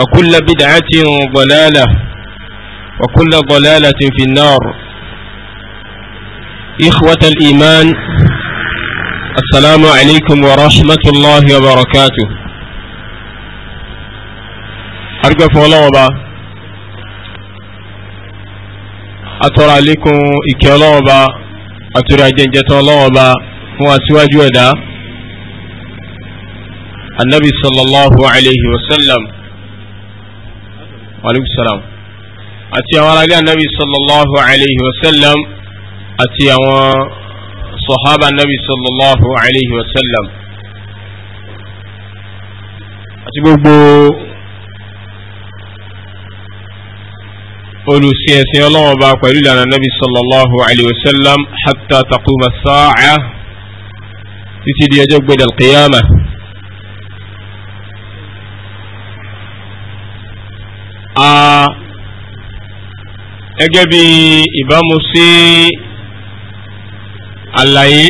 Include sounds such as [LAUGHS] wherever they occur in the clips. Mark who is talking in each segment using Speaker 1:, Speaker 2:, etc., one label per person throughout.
Speaker 1: وكل بدعة ضلالة وكل ضلالة في النار إخوة الإيمان السلام عليكم ورحمة الله وبركاته أرجو فولوبا أترى عليكم إكيولوبا أترى جنجة جنجتولوبا هو أسواج ودا النبي صلى الله عليه وسلم وعليكم السلام أتي أولا النبي صلى الله عليه وسلم أتي صحابة النبي صلى الله عليه وسلم أتي بو قولوا سياسي الله وبارك على النبي صلى الله عليه وسلم حتى تقوم الساعة تتدي يجب القيامة gẹ́gẹ́ bí ìbámu sí àlàyé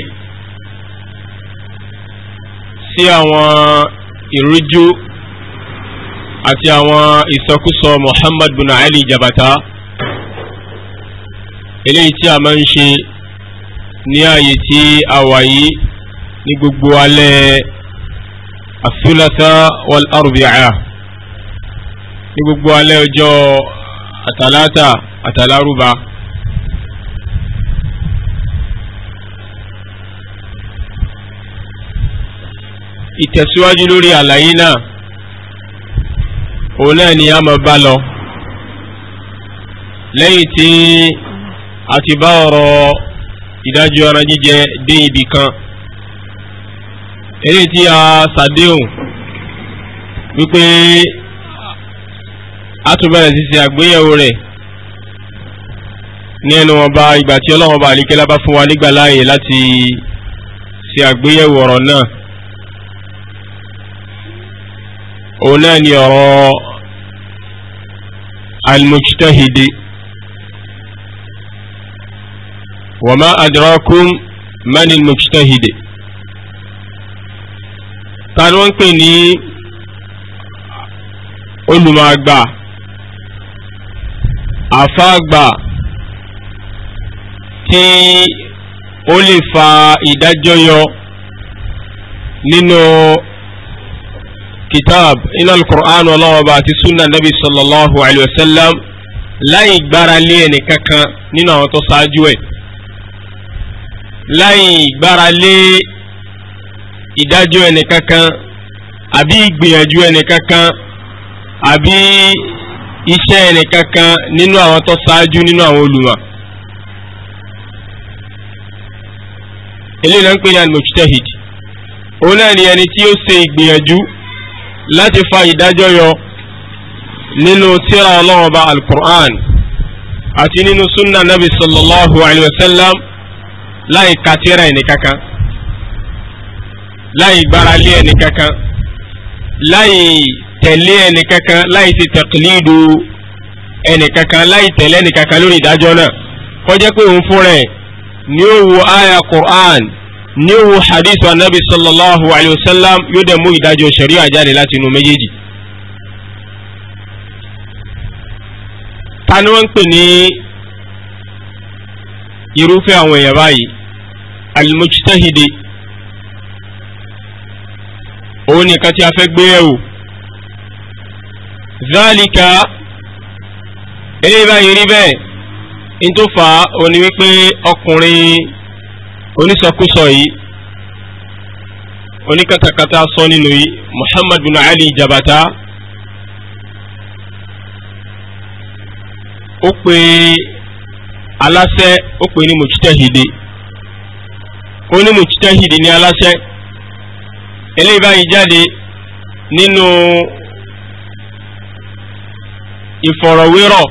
Speaker 1: sí àwọn ìrújú àti àwọn ìsọkúsọ Muhammad bin Ali Jabata eléyìí tí a máa ń ṣe ní ààyè tí a wà yìí ní gbogbo alẹ́ àfúlàtà wal ní gbogbo alẹ́ ọjọ́ àtàlátà àtàlárúbá ìtẹ̀síwájú lórí àlàyé náà òun náà ni a máa bá lọ lẹ́yìn tí a ti bá ọ̀rọ̀ ìdájọ́ ara jíjẹ dé ibì kan èyí tí a ṣàdéhùn wípé a tún bẹ̀rẹ̀ sí ṣe àgbéyẹ̀wò rẹ̀ ní ẹnu wọn bá ìgbà tí ọlọ́wọ́n bá àlékẹ́lá bá fún wa nígbà láàyè láti ṣe àgbéyẹ̀wò ọ̀rọ̀ náà òun náà ni ọ̀rọ̀ almujtahidi wa ma adrakum man almujtahidi ta ni wọ́n ń pè ní olùmọ̀ àgbà àfáàgbà tí ó lè fa ìdájọ́ yọ nínú kitab inú al-Qur'an ọlọ́wọ́ba àti sunna nabi sallallahu alayhi wa sallam láì gbára lé ẹnì kankan nínú àwọn tó ṣáájú ẹ̀ láì gbára lé ìdájọ́ ẹnì kankan àbí ìgbìyànjú ẹnì kankan àbí iṣẹ́ ẹnìkankan nínú àwọn tó ṣáájú nínú àwọn olùmọ̀ eléyìí náà ń pè ní al òun náà ni ẹni tí ó ṣe ìgbìyànjú láti fa ìdájọ́ yọ nínú tírà Ọlọ́run Ọba al àti nínú sunna nabi sallallahu alayhi wa sallam láì ka tírà ẹnìkankan láì gbára lé ẹnìkankan láì tẹ̀lé ẹnìkankan láì ṣe tẹ̀kìlídò ẹnìkankan láì tẹ̀lé ẹnìkankan lórí ìdájọ́ náà kọjá pé òun fúnra ẹ̀ ní ó wo Qur'an ní ó wo hadith anabi sallallahu alayhi wa sallam yóò dẹ̀ mú ìdájọ́ sharia jáde láti inú méjèèjì. ta ni wọ́n ń pè ní irúfẹ́ àwọn èèyàn báyìí al òun nìkan tí a fẹ́ gbé yẹ̀wò. Zalika, eléyìí báyìí rí bẹ́ẹ̀ in tó fà á ó ní wípé ọkùnrin onísọkúsọ yìí oníkatakata sọ nínú yìí Muhammad bin Ali Jabata ó pe aláṣẹ ó pe ní mujtahidi ó ní mujtahidi ní aláṣẹ eléyìí báyìí jáde nínú. No ìfọ̀rọ̀wérọ̀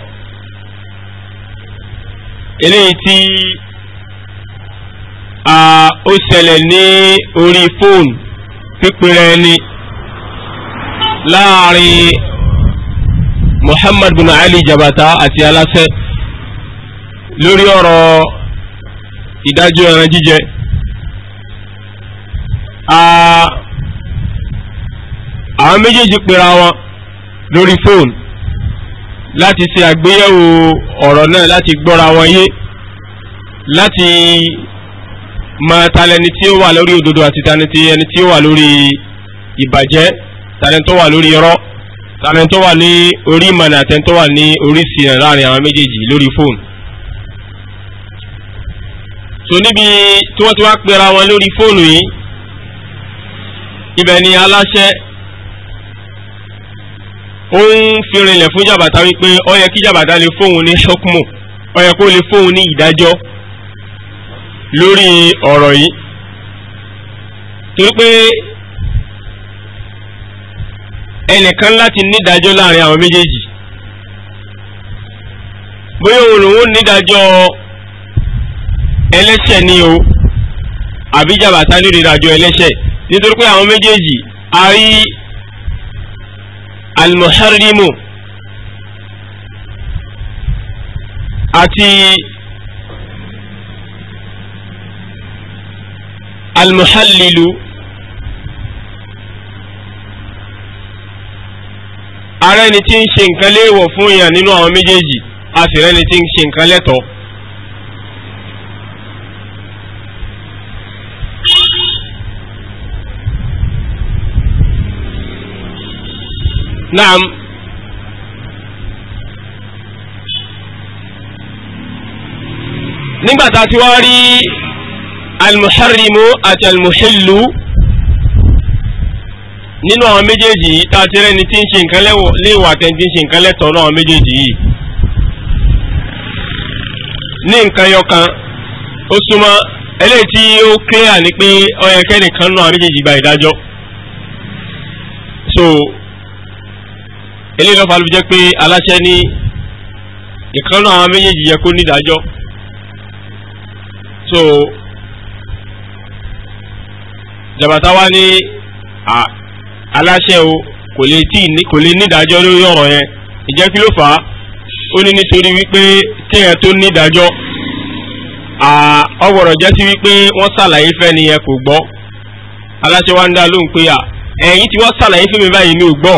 Speaker 1: eléyìí tí ó ṣẹlẹ̀ ní orí fóònù pípẹ́rẹ́ ẹni láàrin Muhammad bin Ali Jabata àti aláṣẹ lórí ọ̀rọ̀ ìdájọ́ ẹran jíjẹ àwọn méjèèjì pera wọn lórí fóònù láti ṣe àgbéyẹ̀wò ọ̀rọ̀ náà láti gbọ́ra wọn yé láti máa talẹni tí ó wà lórí òdodo àti tani ti ẹni tí ó wà lórí ìbàjẹ́ tani tó wà lórí irọ́ tani tó wà ní orí ìmọ̀nà àtẹni tó wà ní orí ìsìnà láàrin àwọn méjèèjì lórí fóònù. so níbi tí wọ́n ti wá pera wọn lórí fóònù yìí ibẹ̀ ni aláṣẹ ó ń fi rinlẹ̀ fún jàbàtà wípé ó yẹ kí jàbàtà lè fóun ní ṣọ́kùmù ó yẹ kó lè fóun ní ìdájọ́ lórí ọ̀rọ̀ yìí torí pé ẹnìkan láti nídájọ́ láàrin àwọn méjèèjì bóyá òun nídájọ́ ẹlẹ́ṣẹ̀ ni o àbí jàbàtà nídìí ìdájọ́ ẹlẹ́ṣẹ̀ nítorí pé àwọn méjèèjì a rí almuharrimu ATI، almuhallilu ara ẹni tí ń ṣe nǹkan léèwọ̀ fún èèyàn nínú àwọn méjèèjì a sì rẹ́ni tí ń ṣe nǹkan lẹ́tọ̀ọ́ naam nígbà tá a ti wá rí almuharrimu àti almuhillu nínú àwọn méjèèjì yìí tá a ti rẹ́ni tí ń ṣe nǹkan léèwọ̀ àtẹni tí ń ṣe nǹkan lẹ́tọ̀ọ́ náà méjèèjì yìí ní nǹkan yọkan ó súnmọ́ eléyìí tí ó clear ni pé ó yẹ náà méjèèjì gba ìdájọ́ so eléyìí lọ́fà ló fi jẹ́ pé aláṣẹ ní ìkànnà àwọn méjèèjì yẹ kó nídàájọ́ so jabata wa ní aláṣẹ o kò lè tí kò lè nídàájọ́ lórí ọ̀rọ̀ yẹn ìjẹ́ kí ló fà á ó ní nítorí wípé kéèyàn tó nídàájọ́ ọgbọ̀rọ̀ jẹ́ sí wípé wọ́n ṣàlàyé fẹ́ nìyẹn kò gbọ́ aláṣẹ wa ń dá lóhùn pé ẹ̀yìn tí wọ́n ṣàlàyé fún mi báyìí ní ò gbọ́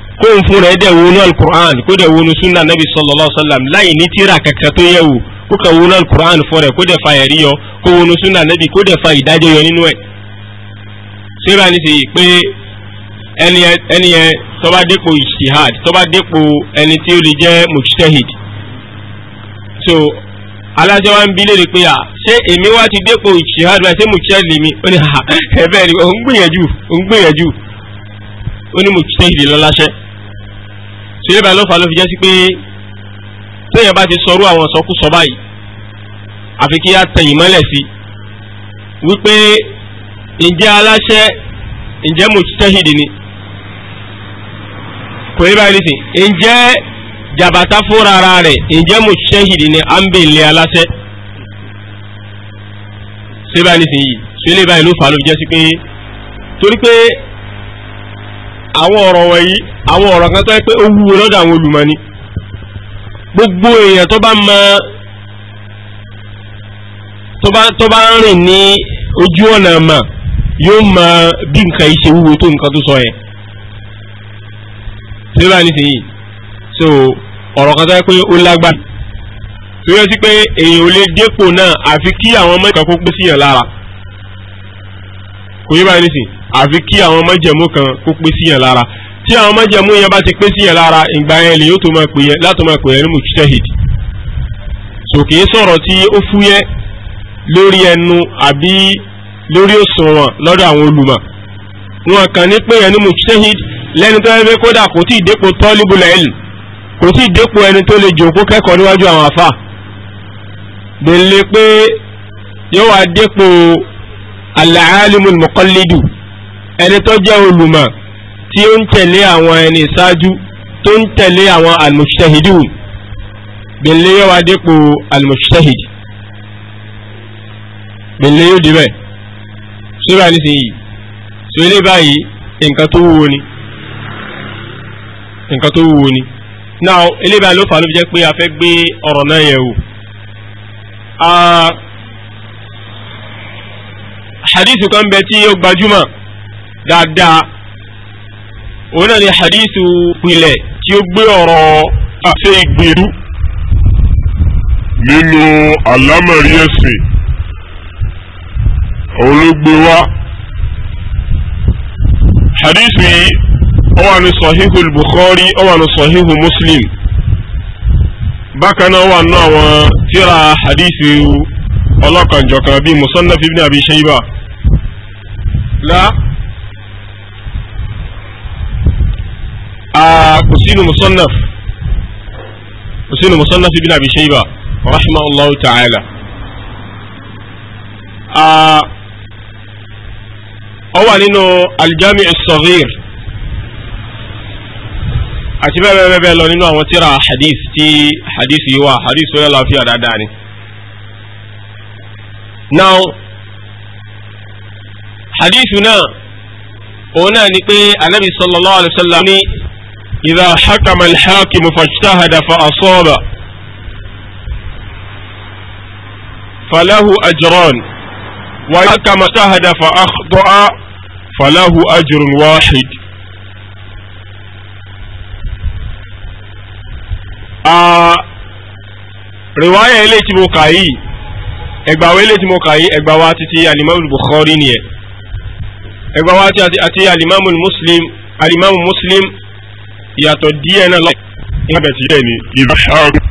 Speaker 1: kó n fún rẹ̀ dẹ̀ wọnú alukur'an kó dẹ̀ wọnú sunna nabi sallallahu alayhi wa sallam láyé ní tíra kankan tó yẹ wò kó ka wọnú alukur'an fún rẹ̀ kó dẹ̀ fa ẹ̀rí yọ kó wọnú sunna nabi kó dẹ̀ fa ìdájọ́ yọ nínú ẹ̀. síra ni sèyí pé ẹni yẹn tó bá dépò ijtihad tó bá dépò ẹni tí ó lè so alájọ wa ń bi léèrè pé à ṣé èmi wá ti dépò ijtihad báyìí ṣé mujtahid lèmi ó ní ẹ bẹ́ẹ̀ ni ó ń gbìyànjú ó ń gbìyànjú ó ní sílẹ̀ báyìí ló fà ló fi jẹ́ sí pé téèyàn bá ti sọrú àwọn sọkúsọ báyìí àfi kí á tẹ̀yìn mọ́lẹ̀ sí wípé ǹjẹ́ aláṣẹ ǹjẹ́ mùtẹ́hìdì ni kò yẹ báyìí nìsín ǹjẹ́ jàbàtà fúnra ara rẹ̀ ǹjẹ́ mùtẹ́hìdì ni à ń bè lé aláṣẹ sílẹ̀ báyìí nìsín yìí sílẹ̀ báyìí ló fà ló fi jẹ́ sí pé torí pé àwọn ọ̀rọ̀ wọ̀nyí àwọn ọ̀rọ̀ kan tó yẹ pé ó wúwo lọ́dọ̀ àwọn olùmọ̀ni gbogbo èèyàn tó bá mọ tó bá ń rìn ní ojú ọ̀nà mà yóò mọ bí nǹkan yìí ṣe wúwo tó nǹkan tó sọ yẹn ṣé bá ní sèyí so ọ̀rọ̀ kan tó yẹ pé ó lágbára tó yẹ sí pé èèyàn ò lè dépò náà àfi kí àwọn ọmọ ìkàkó pé síyàn lára kò yé bá ní sèyí àfi kí àwọn májẹ̀mú kan kó pé sí yẹn lára tí àwọn májẹ̀mú yẹn bá ti pé sí yẹn lára ìgbà yẹn lè yóò tó máa pè yẹn látò máa pè yẹn ní mujtahid sòkè sọ̀rọ̀ tí ó fúyẹ́ lórí ẹnu àbí lórí òṣùwọ̀n lọ́dọ̀ àwọn olùmọ̀ wọn kàn ní pé yẹn ní mujtahid lẹ́ni tó yẹ kódà kò tí ì dépò talibul ilm kò tí ì dépò ẹni tó lè jòkó kẹ́kọ̀ọ́ níwájú àwọn àfà gbèlè pé yóò wá dépò al-alimul ẹni tó jẹ́ olùmọ̀ tí ó ń tẹ̀lé àwọn ẹni ìṣáájú tó ń tẹ̀lé àwọn almujtahidun gbèlè yóò wá dépò almujtahid gbèlè yóò débẹ̀ sórí àníṣeyìí sórí ilé báyìí nǹkan tó wúwo ni nǹkan tó wúwo ni náà ilé báyìí ló fà ló fi jẹ́ pé a fẹ́ gbé ọ̀rọ̀ náà yẹ̀ wò. Ah, hadith kan bẹ tí ó gbajúmọ̀ dáadáa òun náà ni hadithu pilẹ̀ tí ó gbé
Speaker 2: ọ̀rọ̀ àṣẹ ìgbèrú. nínú àlámọ̀rí ẹ̀sìn òun ló gbé wá
Speaker 1: hadithu yìí ó wà ní sahihu bukhari ó wà ní sahihu muslim bákan náà wà nínú àwọn tíra hadithu ọlọ́kanjọ̀kan bíi musannafi ibn abi shayba la. Ah, kò sínú musannaf kò sínú musannaf ibn abi shayba rahimahullahu ta'ala ah, ó wà nínú aljami as-saghir àti bẹ́ẹ̀ bẹ́ẹ̀ bẹ́ẹ̀ lọ nínú àwọn tíra hadith tí hadith yìí wà hadith tó yẹ láàfin àdáadáa ni. now hadith náà òun náà ni pé anabi sallallahu alayhi wa sallam ní. إذا حكم الحاكم فاجتهد فأصاب فله أجران وإذا حكم اجتهد فأخطأ فله أجر واحد آه، رواية إليت موكاي إقباو إليت موكاي إقباواتي تي الإمام البخاري إقباواتي أتي الإمام المسلم الإمام المسلم ìyàtọ̀ díẹ̀ náà lọ́wọ́
Speaker 2: ìyàbẹ̀ sí ẹ̀ ní ìbáṣà ọ̀gbìn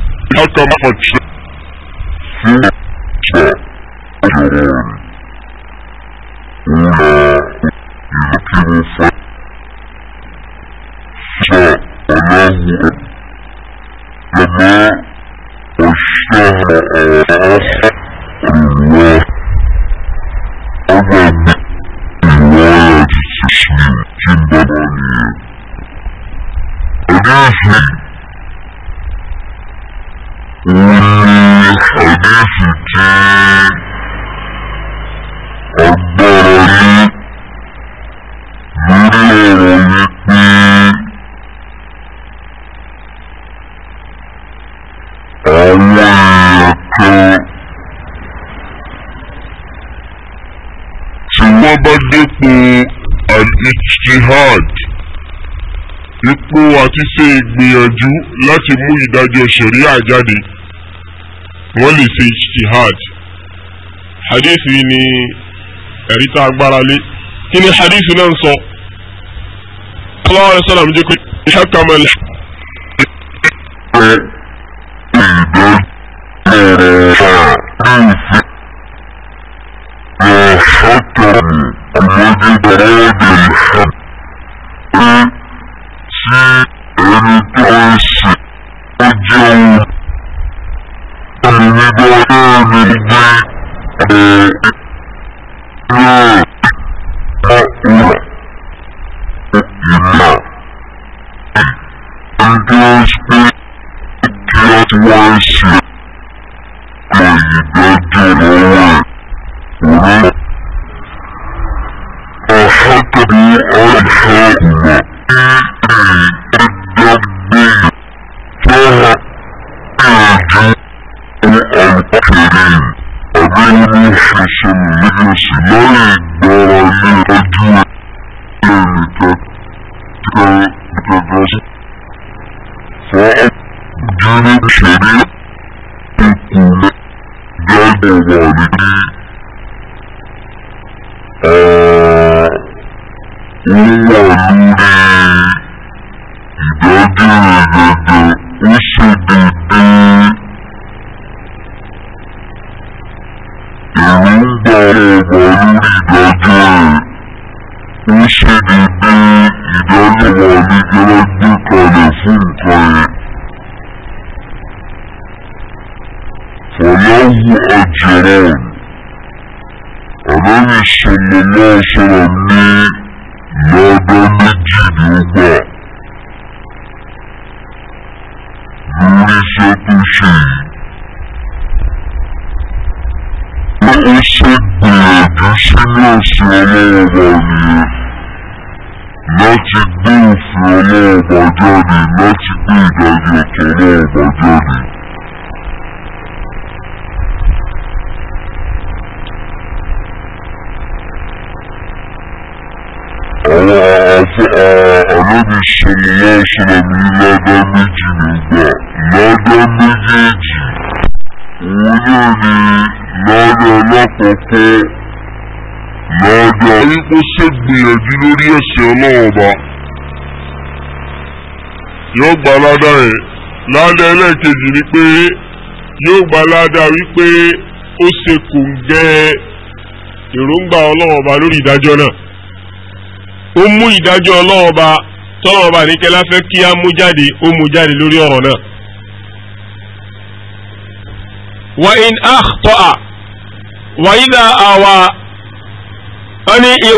Speaker 2: jihad ipò àti ṣe ìgbìyànjú láti mú ìdájọ́ ṣẹ̀ríà jáde wọ́n lè ṣe jihad hadith yìí ni ẹ̀rí tá a gbára lé kí ni hadith
Speaker 1: náà ń sọ sallallahu alaihi wasallam jẹ́ pé ìṣàkàmọ́ ẹ̀
Speaker 2: حتى المجد راد Geçilmez yala obaliye. Láti gbé òfin ọlọ́ọ̀bà jáde láti gbé ìdájọ́ tọ́lọ́ọ̀bà jáde. Àwọn àlẹ́bí sọ̀rọ̀ lọ́sọ̀rọ̀ mi ládá méjì nígbà. Ládá méjèèjì. Òun náà ni ládá lọ́jọ́ wípé ṣègbìyànjú lórí ẹ̀sẹ̀ ọlọ́ọ̀ba yóò gba ládàá ẹ̀ ládàá ẹlẹ́ẹ̀kejì ni pé yóò gba ládàá wípé ó ṣe kòǹgẹ́ èròǹgbà ọlọ́ọ̀ba lórí ìdájọ́ náà
Speaker 1: ó mú ìdájọ́ ọlọ́ọ̀ba tọ́lọ́ọ̀ba nìkẹ́lá fẹ́ kí á mú jáde ó mú jáde lórí ọ̀rọ̀ náà wa in a. wà akhta'a wa idha awa wọ́n ní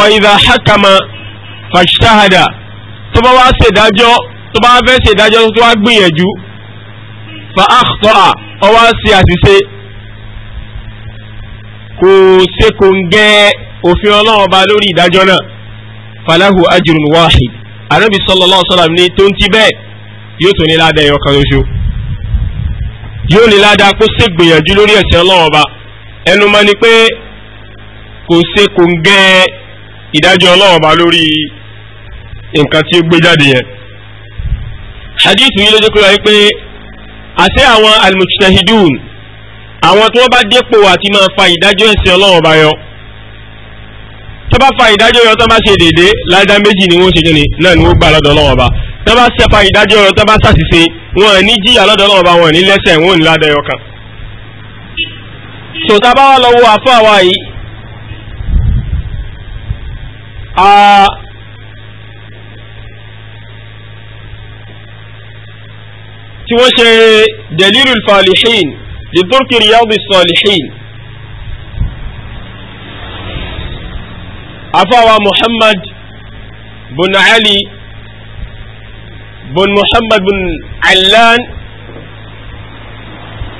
Speaker 1: wa idha hakama fajtahada tó bá wá ṣèdájọ́ tó bá fẹ́ ṣèdájọ́ tó wá gbìyànjú fa akhta'a ó wá sí àṣìṣe kò ṣe kò ń gẹ́ òfin ọlọ́run ba lórí ìdájọ́ náà falahu ajrun wahid anábì sallallahu alaihi wasallam ní tó ń ti bẹ́ẹ̀ yóò tó ní ládàá ẹ̀yọ kan lóṣù yóò ní ládàá kó ṣègbìyànjú lórí ẹ̀sìn ọlọ́run ba ẹnu mọ́ ni pé kò ṣe kò ń gẹ́ ìdájọ́ ọlọ́wọ́ bá lórí nǹkan tí ó gbé jáde yẹn. hadith yìí ló jẹ́ kó wáyé pé àṣẹ àwọn almujtahidun àwọn tí wọ́n bá dépò àti máa fa ìdájọ́ ẹ̀sìn ọlọ́wọ́ bá yọ tó bá fa ìdájọ́ yọ tó bá ṣe déédéé ládá méjì ni wọ́n ṣe jẹ́ ni náà ni wọ́n gbà lọ́dọ̀ ọlọ́wọ́ bá tó bá ṣe fa ìdájọ́ yọ tó bá ṣàṣìṣe wọn ní jìyà lọ́dọ̀ ọlọ́wọ́ bá wọn ní lẹ́sẹ̀ wọn ò ní ládá yọ kan. sòtá bá wà lọ́wọ́ àfọ àwa yìí توشى دليل الفالحين لترك رياض الصالحين عفوا محمد بن علي بن محمد بن علان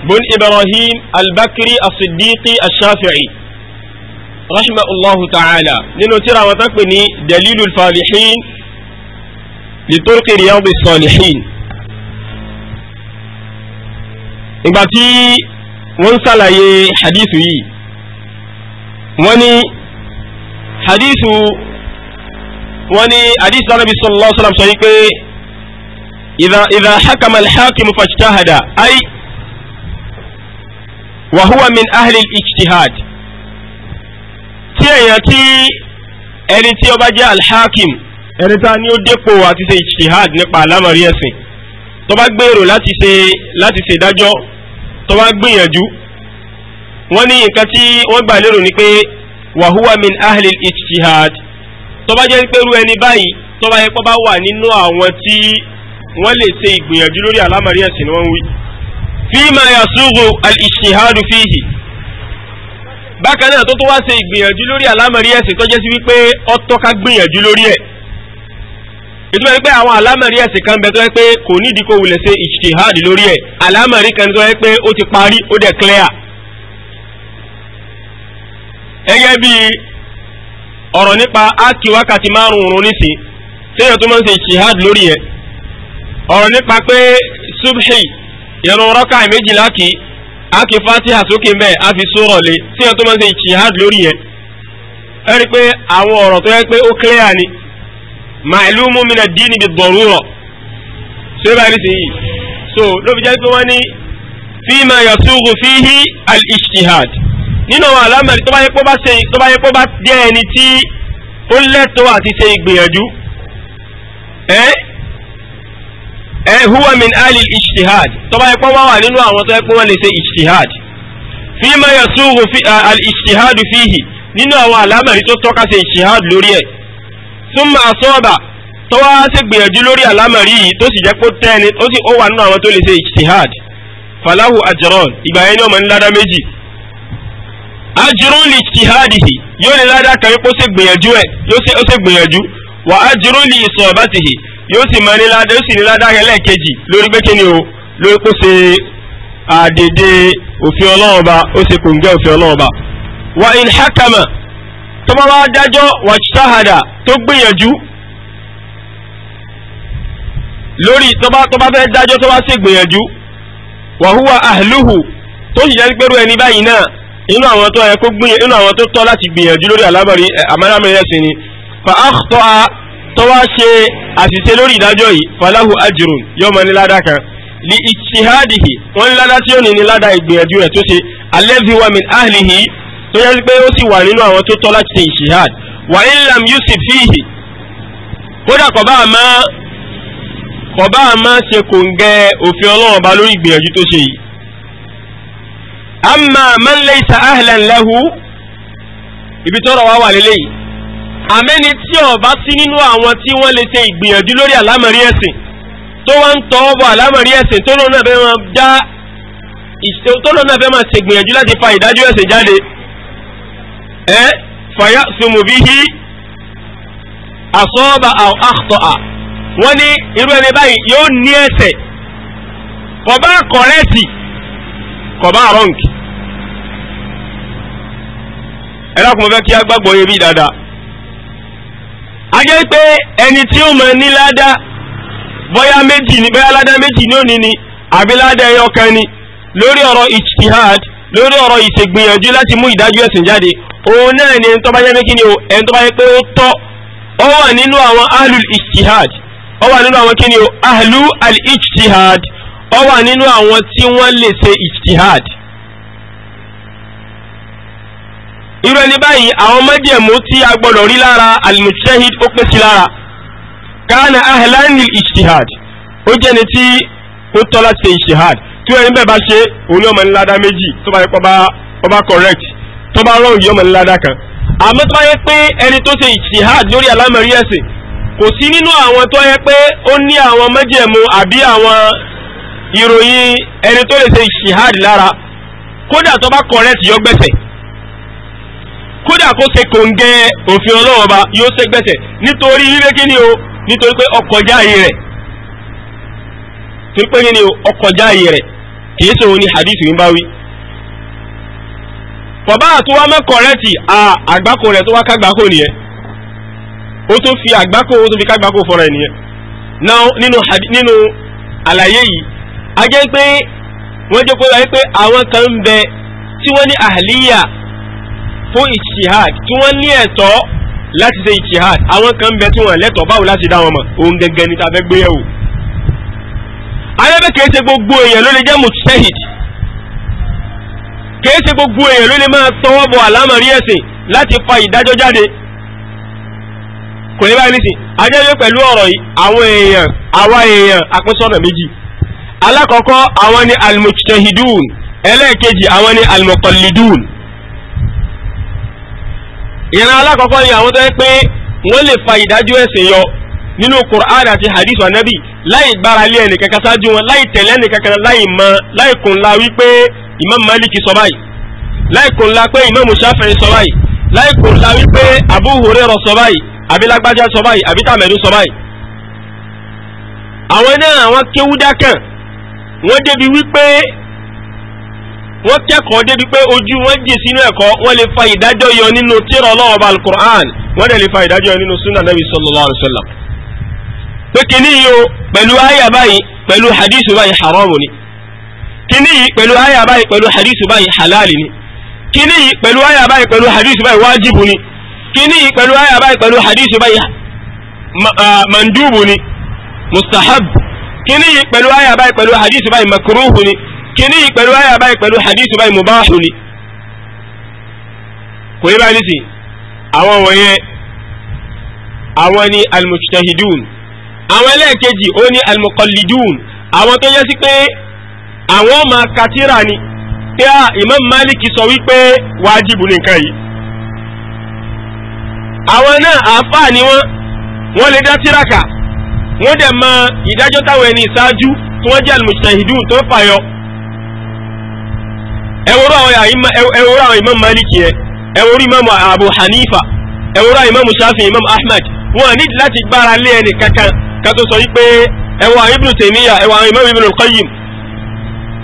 Speaker 1: بن إبراهيم البكري الصديقي الشافعي rahma allahu ta'ala nínú tíra wọn tán pè ní dalilu falihin litorki riyadu salihin ìgbà tí wọ́n ń sàlàyé hadithu yìí wọ́n ní hadithu wọ́n ní hadithu anabi sallallahu alaihi wasallam sọ yìí pé idha idha hakama alhakimu fajtahada ay wa huwa min ahli al-ijtihad tí èèyàn tí ẹni tí ó bá jẹ́ alhakim ẹni tá ni ó dépò àti ṣe ijtihad nípa àlámọ̀rí ẹ̀sìn tó bá gbèrò láti ṣe láti ṣe ìdájọ́ tó bá gbìyànjú wọ́n ní nǹkan tí wọ́n gbà lérò ni pé wàhúwà min ahli ijtihad tó bá jẹ́ pé irú ẹni báyìí tó bá yẹ pọ́ bá wà nínú àwọn tí wọ́n lè ṣe ìgbìyànjú lórí àlámọ̀rí ẹ̀sìn ni wọ́n wí. fíìmà yasughu al-ijtihad bákan náà tó tó wá ṣe ìgbìyànjú lórí àlámọ̀rí ẹ̀sìn tó jẹ́ sí wípé ọ̀tọ̀ ká gbìyànjú lórí ẹ̀ ìtumọ̀ ni pé àwọn àlámọ̀rí ẹ̀sìn kan bẹ tó yẹ pé kò nídìí kó wulẹ̀ ṣe ìṣtìhádì lórí ẹ̀ àlámọ̀rí kan tó yẹ pé ó ti parí ó dẹ̀ clear. ẹgẹ́ bí ọ̀rọ̀ nípa áàkì wákàtí márùn-ún nísìn téèyàn tó máa ń ṣe ìṣtìhádì lórí ẹ̀ ọ̀rọ̀ nípa pé subhi ìrun a kì í fatiha sókè mbẹ a fi sórọ lé tí wọn tó máa ń ṣe ìjìhad lórí yẹn ẹ rí i pé àwọn ọ̀rọ̀ tó yẹ pé ó clear ni ma'lumun min ad-din bid-darura ṣé bá rí sí so ló jẹ́ pé wọ́n ní fima yasughu fihi al-ijtihad nínú àwọn alámọ̀rí tó bá yẹ kó bá ṣe tó bá yẹ kó bá jẹ́ ẹni tí ó lẹ́tọ̀ọ́ àti ṣe ìgbìyànjú ẹ́ ẹ huwa min ali ijtihad tó bá yẹ pé wọ́n wà nínú àwọn tó yẹ pé wọ́n lè ṣe ijtihad fíìmà yasuhu fi al ijtihad fihi nínú àwọn àlámẹ̀rí tó tọ́ka ṣe ijtihad lórí ẹ̀ súnmọ́ àsọ́ọ̀bà tó wá ṣe gbìyànjú lórí àlámẹ̀rí yìí tó sì jẹ́ pé tẹ́ni ó sì ó wà nínú àwọn tó lè ṣe ijtihad falahu ajran ìgbà yẹn ni ọmọ ní méjì ajrun li ijtihadihi yóò ní ládá kan yóò ṣe gbìyànjú ẹ̀ yóò ṣe gbìyànjú wà ajrun li isabatihi yóò sì mọ ní ládá yóò sì ní ládá rẹ̀ lẹ́ẹ̀kejì lórí pé kíni o lórí pé ó ṣe àdèdè òfin ọlọ́run ba ó ṣe kòǹgẹ́ òfin ọlọ́run ba. wa in hakama tó bá wá dájọ́ wàjúṣáhàdà tó gbìyànjú lórí tó bá tó dájọ́ tó bá sì gbìyànjú wàhúwà àhlùhù tó sì jẹ́ pẹ́rú ẹni báyìí náà inú àwọn tó yẹ kó gbìyànjú inú àwọn tó tọ́ láti gbìyànjú lórí àlámọ̀rí àmàlámọ̀rí ni fa akhta'a tó wá ṣe àṣìṣe lórí ìdájọ́ yìí falahu ajrun yóò máa ní kan li ijtihadihi wọ́n ní ládàá tí ó ní ní ládàá ìgbìyànjú rẹ̀ tó ṣe alladhi wa min ahlihi tó yẹ pé ó sì wà nínú àwọn tó tọ́ láti ṣe ijtihad wa in lam yusib fihi kódà kọ̀bá àmọ́ kọ̀bá àmọ́ ṣe kò ń gẹ òfin ọlọ́run ọba lórí ìgbìyànjú tó ṣe yìí amma man laysa ahlan lahu ibi tọ́rọ̀ wá wà lélẹ́yìí àmẹ́ni tí ó bá sí nínú àwọn tí wọ́n lè ṣe ìgbìyànjú lórí àlámọ̀rí ẹ̀sìn tó wá ń tọ́ ọbọ̀ àlámọ̀rí ẹ̀sìn tó lóun náà fẹ́ máa já tó lóun náà fẹ́ máa ṣe ìgbìyànjú láti fa ìdájọ́ ẹ̀sìn jáde ẹ fàyà sùmùbíhí àsọ́ọ̀bà àkọ́tọ̀à wọ́n ní irú ẹni báyìí yóò ní ẹ̀ṣẹ̀ kọ̀bá kọ̀rẹ́ẹ̀tì kọ̀bá rọ́ǹkì ẹ̀rọ kò mọ̀ fẹ́ kí a gbàgbọ́ yẹ bí dáadáa a jẹ́ pé ẹni tí ó mọ̀ ní ládá bóyá méjì ní bóyá ládá méjì ní òní ni àbí ládá ẹyọ kan ni lórí ọ̀rọ̀ ijtihad lórí ọ̀rọ̀ ìṣègbìyànjú láti mú ìdájọ́ ẹ̀sìn jáde òun náà ni ẹni tó bá jẹ́ pé kí ni o ẹni tó bá jẹ́ pé ó tọ́ ó wà nínú àwọn ahlul ijtihad ó wà nínú àwọn kí ni o ahlu al ijtihad ó wà nínú àwọn tí wọ́n lè ṣe ijtihad. irú ẹni báyìí àwọn májẹ̀mú tí a gbọ́dọ̀ rí lára al-mujtahid ó pé sí lára kana ahlan lil ijtihad ó jẹ́ ni tí ó tọ́ láti ṣe ijtihad tí ẹni bẹ́ẹ̀ bá ṣe òun ni ọmọ ńlá dá méjì tó bá yẹ kó bá correct tó bá wrong yọ ọmọ ńlá dá kan àmọ́ tó bá yẹ pé ẹni tó ṣe ijtihad lórí alámọ̀rí ẹ̀sìn kò sí nínú àwọn tó yẹ pé ó ní àwọn májẹ̀mú àbí àwọn ìròyìn ẹni tó lè ṣe ijtihad lára kódà tó bá correct yọ gbẹ̀sẹ̀ kódà kó ṣe kòǹgẹ́ òfin Ọba yóò ṣe gbẹ̀sẹ̀ o nítorí pé ọkọjá ayé rẹ̀ torí pé kí ni o ọkọjá ayé rẹ̀ kìí ṣe òun ni hadith yìí bá wí. bàbá àtúwá àgbákò rẹ̀ tó wá kágbákò nìyẹn ó fi àgbákò ó tó fi kágbákò fọ́ra nìyẹn nínú nínú àlàyé yìí a jẹ́ pé wọ́n fún ìtìhad tí wọ́n ní ẹ̀tọ́ láti ṣe ìtìhad àwọn kan bẹ tí wọ́n lẹ́tọ̀ọ́ báwo láti dá wọn mọ̀ òun gẹ́gẹ́ ni tàbẹ́ gbé yẹ̀wò. alẹ́bẹ̀ kìí ṣe gbogbo èèyàn ló lè jẹ́ mujtahid kìí ṣe gbogbo èèyàn ló lè máa tọwọ́ bọ àlámọ̀rí ẹ̀sìn láti fa ìdájọ́ jáde kò ní báyìí nísìn ajẹ́jọ́ pẹ̀lú ọ̀rọ̀ yìí àwọn èèyàn àwa èèyàn àpínsọ́nà méjì alákọ̀ọ́kọ́ àwọn ni almujtahidun ẹlẹ́ẹ̀kejì àwọn ni almuqallidun ìran alákọ̀ọ́kọ́ ni àwọn tó yẹ pé wọ́n lè fa ìdájọ́ ẹ̀sìn yọ nínú Qur'an àti hadith anabi láì gbára lé ẹnìkankan ṣáájú wọn láì tẹ̀lé ẹnìkankan láì mọ láì kùnla wípé Imam Malik sọ báyìí láì kùnla pé Imam Shafi'i sọ báyìí láì kùnla wípé Abu Hurairah sọ báyìí àbí lágbájá sọ báyìí àbí tàmẹ̀dú sọ báyìí. àwọn náà àwọn kéwú dákàn wọ́n débi wípé wọ́n kẹ́kọ̀ọ́ débi pé ojú wọn jì sínú ẹ̀kọ́ wọ́n lè fa ìdájọ́ yọ nínú tírà Ọlọ́run bá alukur'an wọ́n dẹ̀ lè fa ìdájọ́ yọ nínú sunna nabi sallallahu alayhi wa sallam. pé kìíní yìí o pẹ̀lú àyà báyìí pẹ̀lú hadith báyìí haramu ni kìíní yìí pẹ̀lú àyà báyìí pẹ̀lú hadith báyìí halali ni kìíní yìí pẹ̀lú àyà báyìí pẹ̀lú hadith báyìí wájibu ni kìíní yìí pẹ̀lú àyà báyìí pẹ̀lú hadith báyìí mandubu ni mustahab kìíní yìí pẹ̀lú àyà báyìí pẹ̀lú hadith báyìí makruhu ni kíní yìí pẹ̀lú àyà báyìí pẹ̀lú hadithu báyìí mubahu ni kò yẹ báyìí nísìnyí àwọn wọ̀nyẹn àwọn ni almujtahidun àwọn ẹlẹ́ẹ̀kejì ó ní almuqallidun àwọn tó yẹ sí pé àwọn máa katira ni pé a imam maliki sọ wípé wájibù ní nǹkan yìí àwọn náà àáfàá ni wọ́n wọ́n lè dá tiraka wọ́n dẹ̀ mọ ìdájọ́ táwọn ẹni ìṣáájú tí wọ́n jẹ́ almujtahidun tó fàyọ ẹwòrú àwọn e, imam maliki yẹn ẹwòrú imam abu hanifa ẹwòrú àwọn imam shafi imam ahmad wọn ní láti gbára lé ẹni kankan ká tó sọ wípé ẹwà ibnu taymiya ẹwà imam ibnu qayyim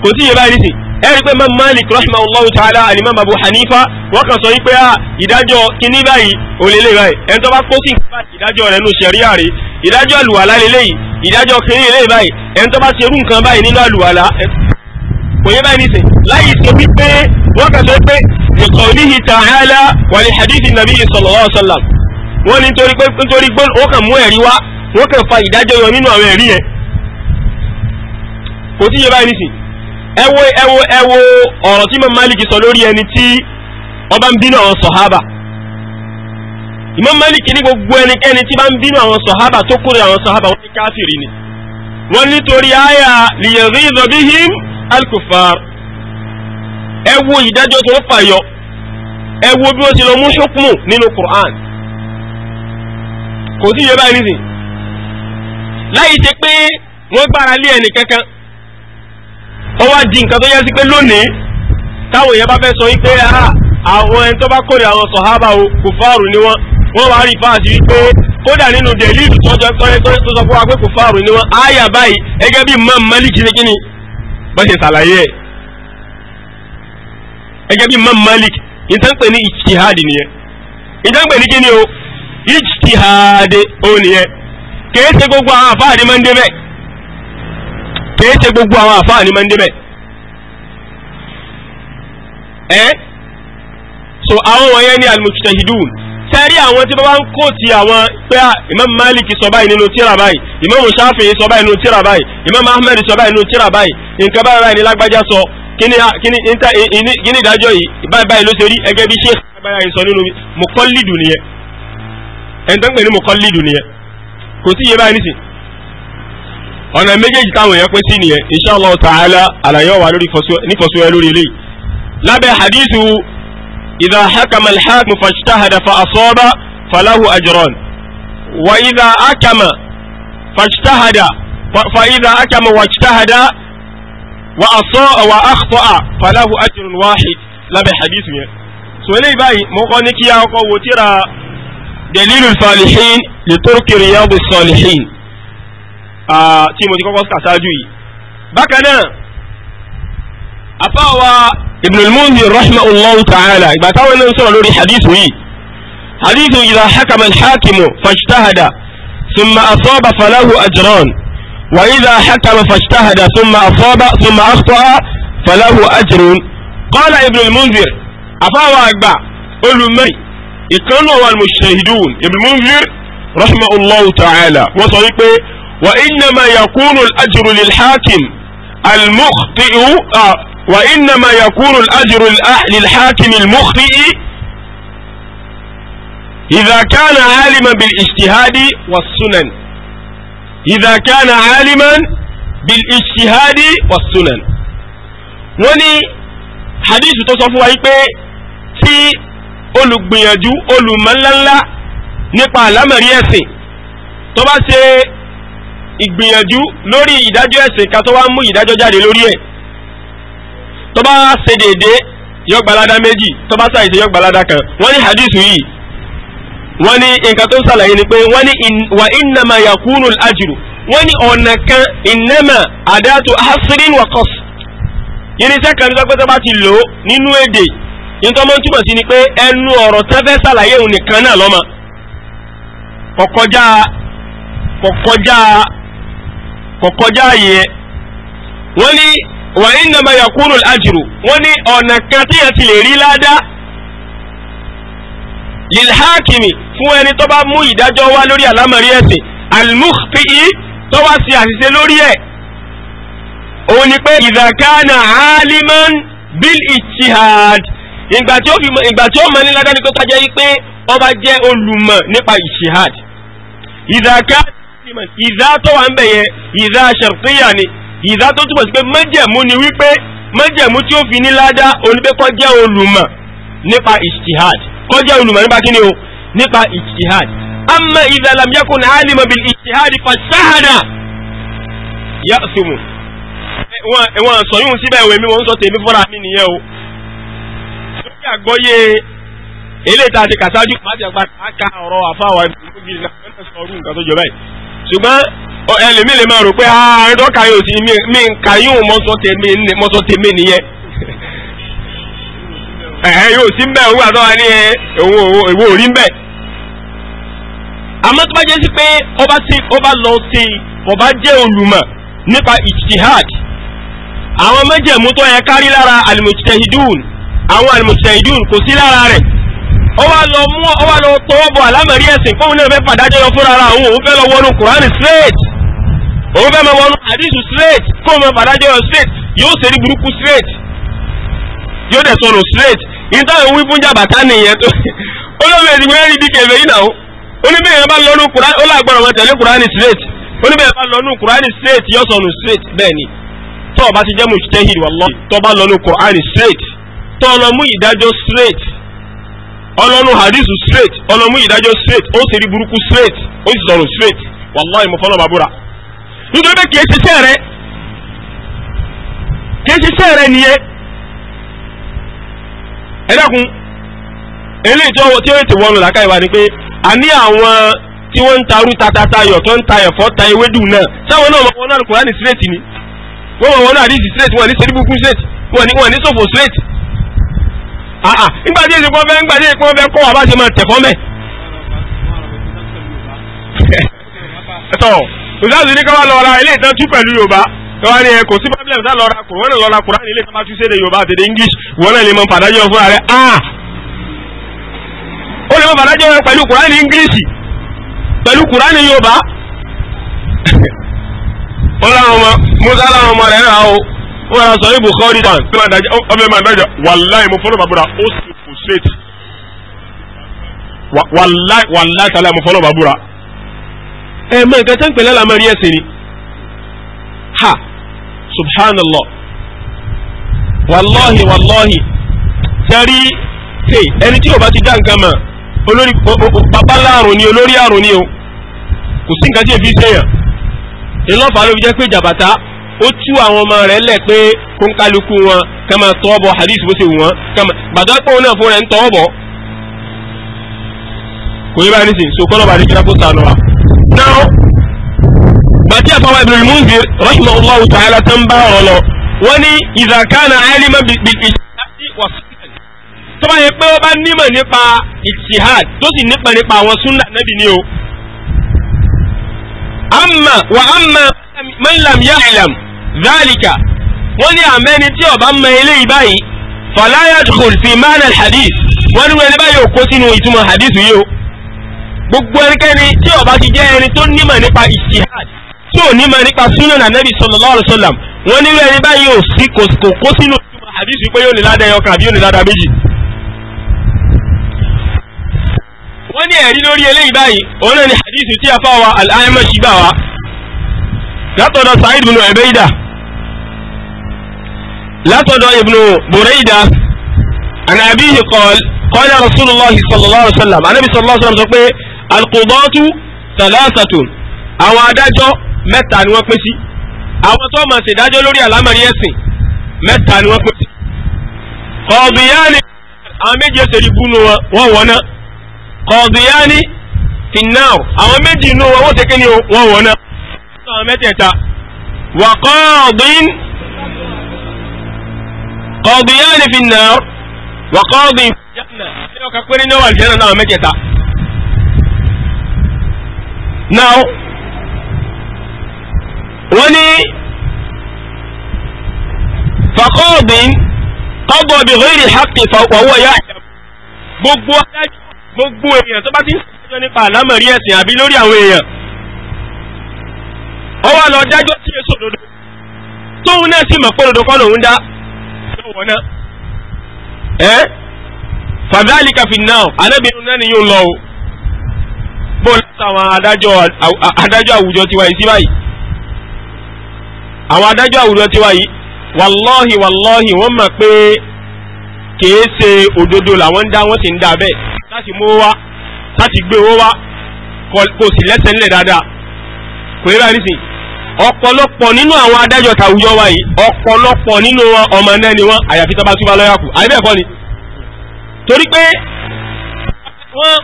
Speaker 1: kò sí yẹ báyìí nísìnyí ẹ̀rí pé imam malik rahimahullahu ta'ala alimam abu hanifa wọ́n kàn sọ wípé a ah, ìdájọ́ kíní báyìí ò lè lè báyìí ẹni tó bá kó sí nǹkan báyìí ìdájọ́ rẹ̀ nù sẹ̀ríà rẹ̀ ìdájọ́ àlùwàlá lélẹ́yìí ìdájọ́ kíní lè báyìí ẹni tó bá ṣerú nǹkan báyìí nínú àlùwàlá kò yẹ báyìí nìsín láyé ṣe wípé wọ́n kà sọ pé ìkọ̀ọ̀lìhì ta'ala wà ní hadithi nàbí sallallahu alaihi wasallam wọ́n ní nítorí pé nítorí gbọ́n ó kàn mú ẹ̀rí wá wọ́n kàn fa ìdájọ́ yọ nínú àwọn ẹ̀rí yẹn kò sí báyìí nìsín ẹ wo ẹ wo ọ̀rọ̀ tí Imam Malik sọ lórí ẹni tí ọba ń bínú àwọn sọ̀hábà Imam Malik ní gbogbo ẹnikẹ́ni tí bá ń bínú àwọn sọ̀hábà tó kúrò alkufar ẹ wo ìdájọ́ tó ń fàyọ ẹ wo bí wọ́n ti lọ mú ṣókùmù nínú Qur'an kò sí ìyẹn báyìí nìsín láì ṣe pé wọ́n gbára lé ẹnì kankan ó wá di nǹkan tó yẹ sí pé lónìí táwọn èèyàn bá fẹ́ sọ wípé ah, àwọn ẹni tó bá kórè àwọn sọ̀hábà o kùfàrù ni wọ́n wọ́n wá rí fáàsì wípé kódà nínú dèlí ìtọ́jọ́ tó sọ fún wa pé kùfàrù ni wọ́n áyà báyìí ẹgẹ́ bí mọ́ mọ́lì kìnnìkìnnì bọ́n ṣe ṣàlàyé ẹ̀ ẹgẹ́ bí Imam Malik ìtànpẹ̀ ní ìjtihad nìyẹn ìtànpẹ̀ ní kíni o ìjtihad ó nìyẹn kèé ṣe gbogbo àwọn àfáà ní máa ń débẹ̀ kèé ṣe gbogbo àwọn àfáà ní máa ń débẹ̀ ẹ́ so àwọn wọ̀nyẹn ní al-mujtahidun sẹ́rí àwọn tí bá ń kó ti àwọn pé ah, imam malik sọ báyìí nínú tíra báyìí imam shafi sọ báyìí nínú tíra báyìí imam ahmed sọ báyìí nínú tíra báyìí nǹkan báyìí báyìí ni lágbájá sọ kíni kíni ìdájọ́ yìí báyìí báyìí ló ṣe rí ẹgẹ́ bí sheikh agbára yìí sọ nínú mọ̀kọ́lìdù nìyẹn ẹni tó ń pè ní mọ̀kọ́lìdù nìyẹn kò sí iye báyìí nísìn ọ̀nà méjèèjì táwọn èèyàn pín sí nìyẹn inshallah ta'ala àlàyé wà lórí nífọ̀síwẹ́ lórí eléyìí lábẹ́ hadithu إذا حكم الحاكم فاجتهد فأصاب فله أجران وإذا أكم فاجتهد فإذا أكم واجتهد وأصاء وأخطأ فله أجر واحد لا بحديث يعني. سولي باي مقنك يا قوتيرا دليل الفالحين لترك رياض الصالحين آه تيمو دي كوكوس كاساجوي بكنا أفاوا ابن المنذر رحمه الله تعالى باتاو انه سوى لوري حديثه هي. حديثه اذا حكم الحاكم فاجتهد ثم اصاب فله اجران واذا حكم فاجتهد ثم اصاب ثم اخطا فله اجر قال ابن المنذر افاو اكبا قل مي اكلوا المجتهدون ابن المنذر رحمه الله تعالى وصيبه وانما يكون الاجر للحاكم المخطئ آه وإنما يكون الأجر للحاكم المخطئ إذا كان عالما بالاجتهاد والسنن إذا كان عالما بالاجتهاد والسنن وني حديث تصفوا wípé tí olùgbìyànjú olùmọ̀lánlá nípa àlámọ̀rí ẹ̀sìn tó bá ṣe ìgbìyànjú lórí ìdájọ́ ẹ̀sìn ká tó wá mú ìdájọ́ jáde lórí ẹ̀ tó bá ṣe déédéé yọ gbalada méjì tó bá ṣàìṣe yọ gbalada kan wọ́n ní hadith yìí wọ́n ní nǹkan tó ń ṣàlàyé ni pé wọ́n ní wà innama yakunu al-ajru wọ́n ní ọ̀nà kan innama adatu hasrin wa qas irinṣẹ́ kan ní sọ tó bá ti lò nínú èdè nítorí wọ́n sí ni pé ẹnu ọ̀rọ̀ tẹ́fẹ́ ṣàlàyé òun nìkan náà lọ́mọ kọ̀kọ́já kọ̀kọ́já kọ̀kọ́já yẹ wọ́n ní wà innama yakunu al-ajru wọ́n ní ọ̀nà kan tí yẹn ti lè rí ládá lilhakimi fún ẹni tó bá mú ìdájọ́ wá lórí àlámọ̀rí ẹ̀sìn almukhti'i tó wá sí àṣìṣe lórí ẹ̀ òun ni pé idha aliman bil ijtihad ìgbà tí ó fi ìgbà tí ó mọ ní pé ọba jẹ́ olùmọ̀ nípa ijtihad idha aliman idha tó wà ń bẹ̀yẹ idha shartiya ni ìdá tó túbọ̀ sí pé májẹ̀mú ni wípé májẹ̀mú tí ó fi ní ládá onípẹ́kọ́ jẹ́ olùmọ̀ nípa ijtihad kọ́ jẹ́ olùmọ̀ nípa kíni o nípa ijtihad amma idha lam yakun alima bil ijtihad fasahada ya'sumu wọn sọ yóò síbẹ̀ ìwé mi wọ́n sọ tèmi fúnra mi nìyẹn o lórí àgbọ́yé eléyìí tá a ti kà sáájú pàtàkì ẹlẹ́mí lè máa rò pé ààrẹ ah, dọ́kà yóò sí mi nǹka yóò mọ́sọ́ tèmi nìyẹn [LAUGHS] ẹ̀hẹ́ yóò sí mbẹ́ owó àtọ́wà ní èwo òrí mbẹ́ àmọ́ tó bá jẹ́ sí pé ọba tí ọba lọ sí ọba jẹ́ olùmọ̀ nípa ijtihad àwọn mẹ́jẹ̀mú tó yẹ kárí lára alimujtahidun àwọn alimujtahidun kò sí lára rẹ̀ Ọba lọ mú ọwá lọ tọwọ́ bọ̀ alámẹ̀rí ẹ̀sìn kóhun náà fẹ́ ara òun òun fẹ́ lọ wọnú òun fẹ́ máa wọnú àdìsù straight kó o máa fàdájọ́ yọ straight yóò ṣe ní burúkú straight yóò dẹ̀ sọ̀rọ̀ straight yìí táwọn wí fún jàbàtà nìyẹn tó [LAUGHS] olóògbé ìdìbò yẹn rí bí kẹfẹ́ yìí náà oníbẹ̀ yẹn bá lọ́nu kùránì ó lágbọ́dọ̀ wọn tẹ̀lé kùránì straight oníbẹ̀ yẹn bá lọ́nu kùránì straight yọ sọ̀rọ̀ straight bẹ́ẹ̀ ni tọ́ ọba ti jẹ́ mu ìṣẹ́hìn wallahi tọ́ bá lọ́nu kùránì straight tọ́ ọlọ́mú ìdájọ́ straight ọlọ́nu hadithu straight ọlọ́mú ìdájọ́ straight ó sì rí burúkú straight ó sì sọ̀rọ̀ straight wallahi mo fọ́nà bàbúrà nítorí pé kìí ṣiṣẹ́ rẹ kìí ṣiṣẹ́ rẹ nìyẹn ẹ dákun eléyìí tí ó tí ó ti wọnú làákà ìwà ni pé a ní àwọn tí wọ́n ń tarú tatatayọ̀ tó ń ta ẹ̀fọ́ ta ewédú náà sáwọn náà wọ́n náà Kùránì sírètì ni wọ́n wọ́n wọ́n náà àdìsí sírètì wọ́n ní sẹ́díbùkún sírètì wọ́n ní wọ́n ní sọ̀fọ̀ sírètì àà nígbàdí èsì pọ́nfẹ́ nígbàdí èsì pọ́nfẹ́ kọ́ wà bá ṣe máa tẹ̀fọ́ mẹ́. [LAUGHS] ustaz ní káwá lọ ra ilé ìtàn tú pẹ̀lú yorùbá tọ́wá ni ẹ kò sí problem tá lọ ra kò wọ́n lọ ra Kùránì ilé ìtàn bá tú séde yorùbá àtẹ̀dẹ̀ english wọ́n náà lè mọ fàdájọ́ fúnra rẹ̀ ah ó lè mọ fàdájọ́ rẹ̀ pẹ̀lú Kùránì english pẹ̀lú Kùránì yorùbá ó láwọn ọmọ musa láwọn ọmọ rẹ̀ rà o ó rà sọ ibù kọ́ nípa tí wọ́n dájọ́ ọmọ ìmọ̀ dájọ́ wàláì mo fọ́nà bàbúrà ó sì frustrate wàláì wàláì tàlẹ́ mo fọ́nà bàbúrà ẹ mọ nǹkan tẹ́ ń pè lálàmọ́rí ẹ̀sìn ni ha subhanallah wàlọ́hì wàlọ́hì sẹ́rí tè ẹni tí o bá ti dá nǹkan mọ̀ olórí bàbá láàrùn ni olórí àrùn ni o kò sí nǹkan tí èfi sèyàn ìlọ́fà ló fi jẹ́ pé jàbàtà ó tú àwọn ọmọ rẹ̀ lẹ̀ pé kó ń kálukú wọn ká máa tọ́ bọ̀ hadith bó ṣe wù wọ́n ká máa bàtà pé òun náà fún rẹ̀ ń tọ́ bọ̀ kò yẹ báyìí nísìnyí so kọ́nà bá ní kí n kó sànù wa náà bàtí àfọwọ́ ibn al-Munzir rahimahullahu ta'ala tó ń bá ọ̀rọ̀ lọ wọ́n ní idha kana alima bil ijtihad wa sunan tó bá yẹ pé ó bá nímọ̀ nípa ijtihad tó sì nípa nípa àwọn súnà nábì ni o amma wa amma man lam ya'lam dhalika wọ́n ní àmẹ́ni tí ọba mọ eléyìí báyìí fala yadkhul fi ma'na gbogbo ẹnikẹ́ni tí ó bá ti jẹ́ ẹni tó nímọ̀ nípa ìṣìhàd tí ò nímọ̀ nípa súnà nàbẹ́bí sallallahu alaihi wasallam wọn nírú ẹni báyìí ò sí kò kó sínú àdìsí pé yóò lè ládàá ẹyọ kan àbí yóò lè ládàá méjì. wọ́n ní ẹ̀rí lórí eléyìí báyìí òun náà ni àdìsí tí a fà wá al-A'mashi gbà wá látọ̀dọ̀ Sa'id ibn Ubayda látọ̀dọ̀ ibn Burayda an abihi qala qala Rasulullahi sallallahu alaihi wasallam anábì sallallahu alaihi wasallam sọ pé alqudatu thalathatun àwọn adájọ́ mẹ́ta ni wọ́n pín sí àwọn tó máa ṣèdájọ́ lórí àlámọ̀rí ẹ̀sìn mẹ́ta ni wọ́n pín sí. qadiyani àwọn méjì ẹsẹ̀ rí bú nu wọn wọ́n wọ́n ná qadiyani finnaw àwọn méjì inú wọn wọ́n ṣe ni wọ́n wọ́n àwọn mẹ́tẹ̀ẹ̀ta wa qadin qadiyani finnaw wa qadin
Speaker 2: janna. ṣé
Speaker 1: ọkà péré ní wà lùjẹ́ náà náà mẹ́tẹ̀ẹ̀ta now wọ́n ní fàkọ́ọ̀bìn kọ́bọ̀ bí rírì hàpì fọwọ́ yá gbogbo gbogbo èèyàn tó bá ti ń sọ nípa àlámọ̀rí ẹ̀sìn àbí lórí àwọn èèyàn ó wá lọ dájọ́ tí èso òdodo tóun náà sì mọ̀ pé òdodo kọ́ lòun dá lọ́wọ́ náà ẹ́ fàdálì kàfin náà anábìrin náà ni yóò lọ o bó látàwọn adájọ́ àwùjọ tiwa yìí sí báyìí àwọn adájọ́ àwùjọ tiwa yìí wàlọ́hì wàlọ́hì wọ́n mọ̀ pé kìí ṣe òdodo làwọn ń dá wọ́n sì ń dá bẹ́ẹ̀ láti mú wá láti gbé owó wá kò sì lẹ́sẹ̀ ńlẹ̀ dáadáa kò yẹ báyìí sìn ọ̀pọ̀lọpọ̀ nínú àwọn adájọ́ tàwùjọ wa yìí ọ̀pọ̀lọpọ̀ nínú wọn ọmọ náà ni wọn àyàfi tó bá túbá lọ́yà kù àyẹ́bẹ̀ẹ́kọ́ ni torí pé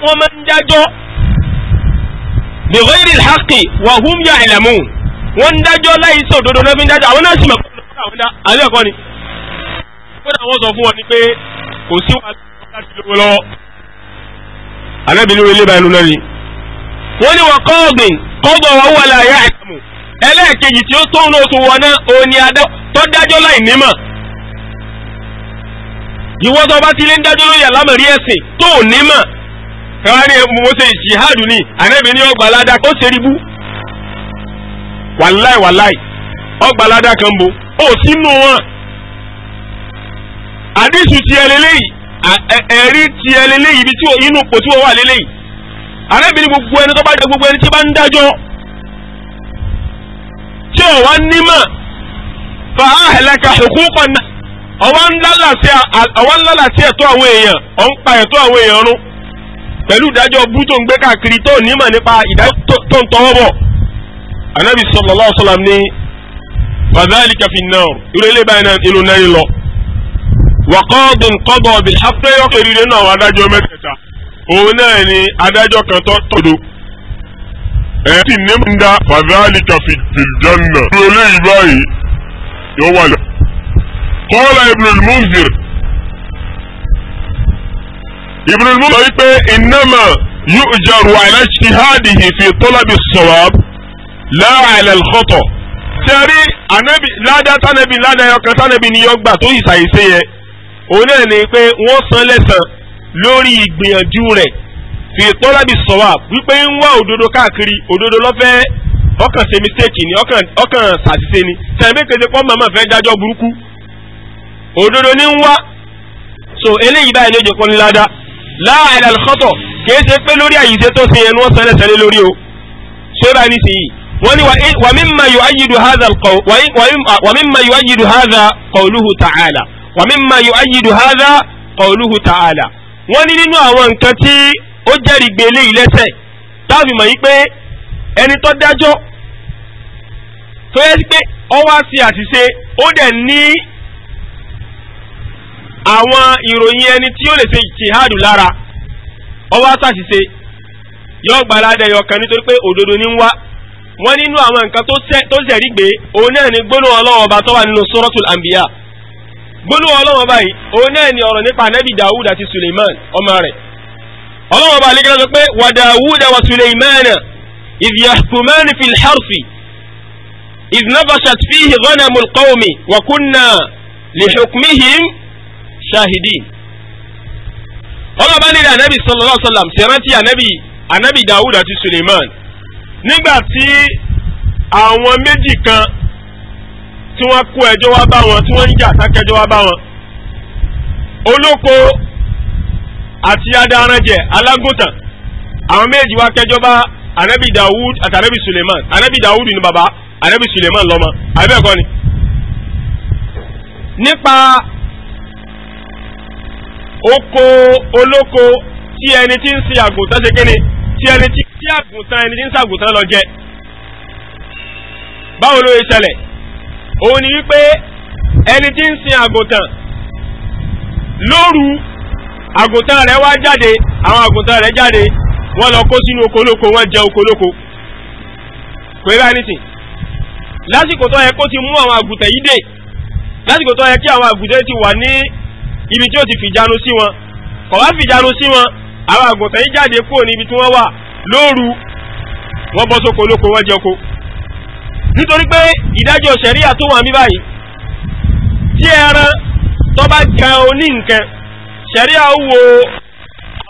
Speaker 1: wọ́n máa ń dájọ́ bi ghayri al-haqqi wa hum ya'lamun wọ́n ń dájọ́ láì sọ òdodo náà fi ń dájọ́ àwọn náà sì mọ̀ pé àwọn náà àlẹ́ ẹ̀kọ́ ni. kódà wọ́n sọ fún wọn ni pé kò sí wàhálà láti lówó lọ́wọ́. alábìnrin ilé ìbá inú náà ni. wọ́n ní wọn kọ́ọ̀gbìn kọ́ọ̀gbọ̀n wọn wà láàyè àìsàn ẹlẹ́ẹ̀kejì tí ó tó ń lóṣù wọn náà òun ni tó dájọ́ láì nímọ̀. ìwọ́n tó bá ti lé ń dájọ́ lórí àlámọ̀rí ẹ̀sìn tó nímọ̀ kàwá ní mo ṣe ìṣìhádù ni ànábì ni ọgbà aládá ó ṣe rí bú wàláì wàláì ọgbà kan bo ó sínú wọn ti ẹ lélẹ́yìí ẹ̀rí ti ẹ lélẹ́yìí ibi tí inú pò tí wọ́n wà lélẹ́yìí gbogbo ẹni tó bá jẹ gbogbo ẹni tí bá ń dájọ́ tí ò wá nímọ̀ fa ahlaka huquqan ọwọ́ ńlá làtí ẹ̀tọ́ àwọn èèyàn ọ̀ ń pa ẹ̀tọ́ àwọn èèyàn rún. pẹ̀lú ìdájọ́ bú tó ń gbé káàkiri tó nímọ̀ nípa ìdájọ́ tó ń tọwọ́ bọ̀ anabi sallallahu alaihi wasallam ní fadhalika fi an-nar ìrẹ́lẹ̀ báyìí náà inú náà lọ wa qadin qada bil haqq yọkẹ́ rírẹ́ náà àwọn adájọ́ mẹ́tẹ̀ẹ̀ta òun náà ni adájọ́ kan tó tọ̀dọ̀
Speaker 2: ẹ̀ ti ní ń da fadhalika fi al ìrẹ́lẹ̀ yìí báyìí wà
Speaker 1: Ibn al-Munzir sọ wípé innama yu'jaru ala ijtihadihi fi talabi as-sawab la ala al-khata sẹ́rí anabi ládá tánẹ́bí ládá ẹyọkan tánẹ́bí ni yọ gbà tó ìsàyèsé yẹ òun náà ni pé wọ́n san lẹ́sàn lórí ìgbìyànjú rẹ̀ fi tọ́lábì sọ̀wà wípé ń wá òdodo káàkiri òdodo lọ́fẹ́ ọkàn ṣe mistake ni ọkàn ṣàṣìṣe ni tẹ̀mí pọ́ màmá fẹ́ dájọ́ burúkú òdodo ní ń wá so eléyìí báyìí ló jẹ́ kọ́ ní láàrín àlùkọ́tọ̀ kìí ṣe pé lórí àyíṣe tó ṣe ẹnu wọn sẹlẹ̀ sẹlẹ̀ lórí o ṣé bá ní sí yìí wọ́n ní wa mimma yu'ayyidu hadha wa mimma yu'ayyidu hadha qawluhu ta'ala wa mimma yu'ayyidu hadha qawluhu ta'ala wọ́n ní nínú àwọn nǹkan tí ó jẹ́rìí gbé eléyìí táàbì mọ̀ yí pé ẹni tó dájọ́ tó yẹ pé ó wá sí àṣìṣe ó dẹ̀ ní àwọn ìròyìn ẹni tí ó lè ṣe jihad lára ọwọ́ àṣàṣìṣe yóò gbà ládẹ yọkan nítorí pé òdodo ní ń wá wọ́n nínú àwọn nǹkan tó sẹ̀rí gbé òun náà ni gbólóhùn ọlọ́wọ́ ọba tó wà nínú suratul anbiya gbólóhùn ọlọ́wọ́ báyìí òun náà ni ọ̀rọ̀ nípa anabi dawud àti suleiman ọmọ rẹ̀ ọlọ́wọ́ ọba àlekẹ́lẹ́ sọ pé wà dawud wa suleiman idh yahkuman fil harfi idh nafashat fihi ghanamul qawmi wa kunna li hukmihim shahidin ọlọ́ba nílẹ̀ anabi sallallahu alaihi wasallam ṣe anabi anabi dawud àti suleiman nígbà tí àwọn méjì kan tí wọ́n kó ẹjọ́ wá bá wọn tí wọ́n ń jà sákẹ́jọ́ wá bá wọn olóko àti adaranjẹ alágùntàn àwọn méjì wá kẹ́jọ́ bá anabi dawud àti anabi suleiman anabi dawud ni baba anabi suleiman lọ́mọ àbẹ́ẹ̀kọ́ ni nípa oko oloko ti ẹni ti ń sin àgùntàn ṣe kíni ti ẹni tí tí àgùntàn ẹni tí ń sàgùntàn lọ jẹ báwo ló yẹ ni wípé ẹni ti ń sin àgùntàn lóru àgùntàn rẹ̀ wá jáde àwọn àgùntàn rẹ̀ jáde lọ kó sínú oko oloko jẹ oko oloko kò yẹ báyìí lásìkò tó yẹ kó ti mú àwọn àgùntàn yìí dé lásìkò tó yẹ kí àwọn ti wà ní ibi tí ó ti fìjánu sí wọn kò wá fìjánu sí wọn àwọn àgùntàn yìí jáde kúrò níbi tí wọ́n wà lóru wọ́n bọ́ sóko olóko wọ́n jẹko nítorí pé ìdájọ́ sẹ̀ríà tó wà mí báyìí tí ẹran tó bá jẹ oní nǹkan sẹ̀ríà wo àwọn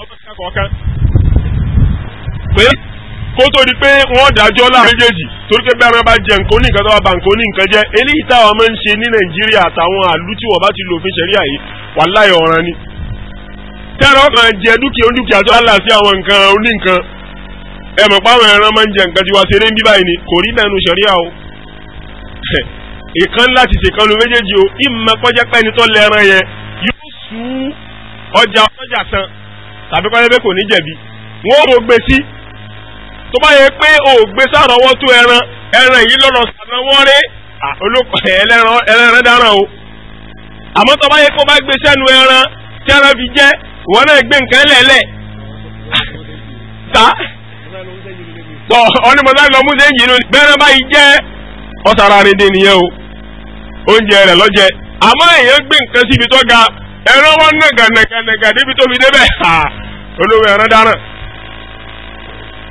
Speaker 1: ọmọ ìkàkọ̀ọ̀kan pé kó tó di pé wọ́n dájọ́ láàrin méjèèjì torí pé bẹ́ẹ̀ bá jẹ nǹkan oníkan tó bá ba nǹkan oníkan jẹ́ eléyìí táwọn máa ń ṣe ní nàìjíríà àtàwọn àlú tí wọ́n bá ti lò fi ṣẹ̀ríà yìí wàláhì ọ̀ràn ni. tẹ́rọ kan jẹ dúkìá onídùkìá tó hálà sí àwọn nǹkan oníkan ẹ mọ̀ pé àwọn ẹran máa ń jẹ nǹkan tiwa ṣeré ń bí báyìí ni kò rí bẹ́ẹ̀ nu o. [LAUGHS] ìkan láti ni tó lẹ́ran yẹn yóò sú ọjà ọjà tán tàbí kọ́lẹ́bẹ́ kò wọ́n ò gbé tó bá yẹ pé o gbé sàrànwọ́ tó ẹran ẹran yìí lọ́nà sàrànwọ́ rẹ̀ olùkọ́ ẹlẹ́ran dáràn o àmọ́ tó bá yẹ kó bá gbé sẹ́nu ẹran tí ẹran fi jẹ́ ìwọ náà gbé nǹkan lẹ̀lẹ̀ ta tọ ọ́nìmọ̀tá lọ mú sẹ́yìn inú bẹ́ẹ̀rẹ̀ báyìí jẹ́ ọ̀sára rèdè nìyẹn o oúnjẹ rẹ̀ lọ́jẹ́ àmọ́ èèyàn gbé nǹkan síbi tó ga ẹran wọn nàgànàgànàgà débi tóbi débẹ̀ olówó ẹran dáràn.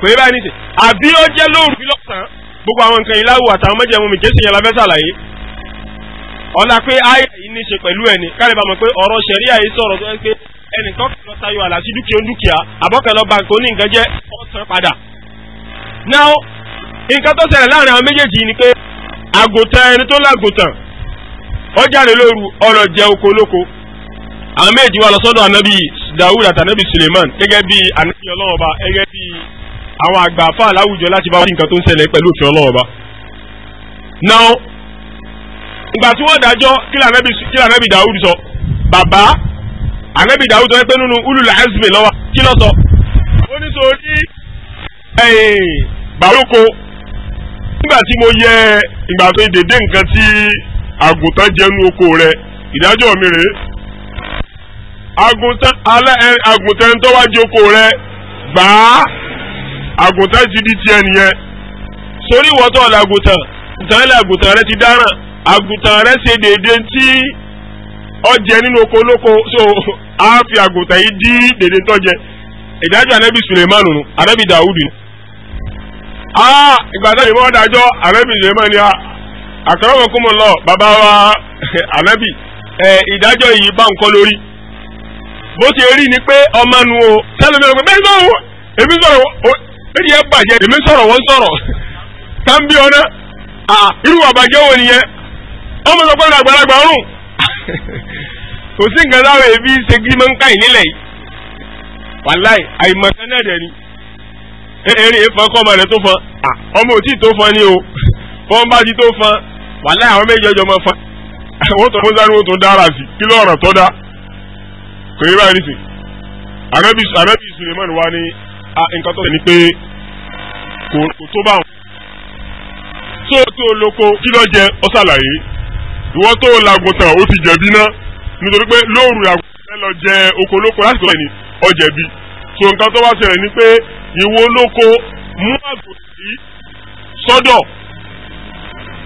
Speaker 1: kò yẹ báyìí nìsín àbí ó jẹ́ lóru bí lọ́sàn-án gbogbo àwọn nǹkan ìláwù àtàwọn mẹ́jẹ̀mú mi kéṣì yẹn la fẹ́ ṣàlàyé ọ̀la pé ayé yìí ní ṣe pẹ̀lú ẹni káre bá mọ̀ pé ọ̀rọ̀ ṣẹ̀ríà yìí sọ̀rọ̀ tó pé ẹnì kan kìlọ̀ tayọ àlàsí dúkìá dúkìá àbọ̀kẹ́lọ́ nǹkan jẹ́ ọ̀sán padà. now nǹkan tó ṣẹlẹ̀ láàrin àwọn méjèèjì ni pé àgùntàn ẹni tó lágùntàn àwọn àgbà àfa aláwùjọ láti bá wá ní nǹkan tó ń ṣẹlẹ̀ pẹ̀lú òfin ọlọ́wọ́ bá. now ìgbà tí wọ́n dájọ́ kí lànàbì dàúd sọ bàbá ànàbì dàúd sọ pé nínú ulul azmi lọ́wọ́ kí ló sọ. ó ní sọ ní bàlóko nígbà tí mo yẹ ìgbà tó dédé nǹkan tí àgùntàn jẹnu oko rẹ ìdájọ́ mi rèé àgùntàn alẹ́ àgùntàn tó wá jókòó rẹ gbàá. àgùntàn ti di tiẹ̀ nìyẹn sórí ìwọ́tọ̀ làgùntàn ìtàn làgùntàn rẹ ti dára àgùntàn rẹ ṣe déédéé tí ọjẹ nínú oko olóko so a fi àgùntàn yìí dí déédéé tọ́jẹ ìdájọ́ anabi suleiman nù anabi dawudi a ìgbà tó ìmọ̀ dájọ́ anabi a lọ bàbá wa [LAUGHS] ìdájọ́ yìí bá nǹkan lórí bó ti rí ni pé ọmọ nu o tẹlifíṣàn pé ni ya bàjẹ́ eme sọ̀rọ̀ wọ́n sọ̀rọ̀ tàbí ọ̀nà irú àbàjẹ́ wo nìyẹn ọmọ sọ pé ọ̀nà àgbàlagbà ọ̀rùn [LAUGHS] kò sí nǹkan láwọn èbí ṣe gí máa ń ká ìnílẹ̀ yìí wàláì àìmọ̀tán náà dẹ̀ ni eré fọn kọ́ ọmọ ni o [LAUGHS] fọn bá to fa fọn wàláì àwọn méjì ọjọ́ máa fọn [LAUGHS] wọ́n tó fún sáré wọ́n tó da. Ah, nǹkan tó ṣe ni pé kò tó bá wọn. tó o tó lóko kí ló jẹ ọ ṣàlàyé ìwọ tó o làgùntàn ó ti jẹ̀bi náà nítorí pé lóòrù làgùntàn lọ jẹ oko lóko láti tó ní ọ jẹ̀bi tó nǹkan tó wá ṣẹlẹ̀ ni pé ìwọ lóko mú àgùntàn yìí sọ́dọ̀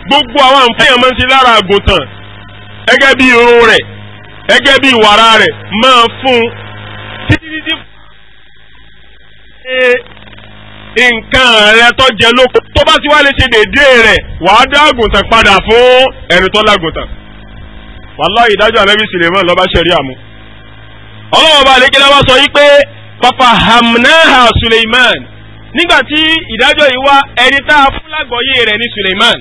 Speaker 1: gbogbo àwọn àǹfààní yẹn máa ń ṣe lára àgùntàn gẹ́gẹ́ bí irun rẹ̀ gẹ́gẹ́ bí wàrà rẹ̀ máa fún títí títí fún nǹkan rẹ tó jẹ lóko tó bá ti wá lè ṣe déédéé rẹ wàá dá àgùntàn padà fún ẹni tó lágùntàn wàláhì ìdájọ́ ànábì Suleiman lọ́ba ṣẹ̀rí àmú. ọlọ́wọ́n bá lékelé wá sọ yí pé papa hamnaha Suleiman nígbà tí ìdájọ́ yìí wá ẹni tá a fún lágbọ̀ọ́yé rẹ̀ ní Suleiman.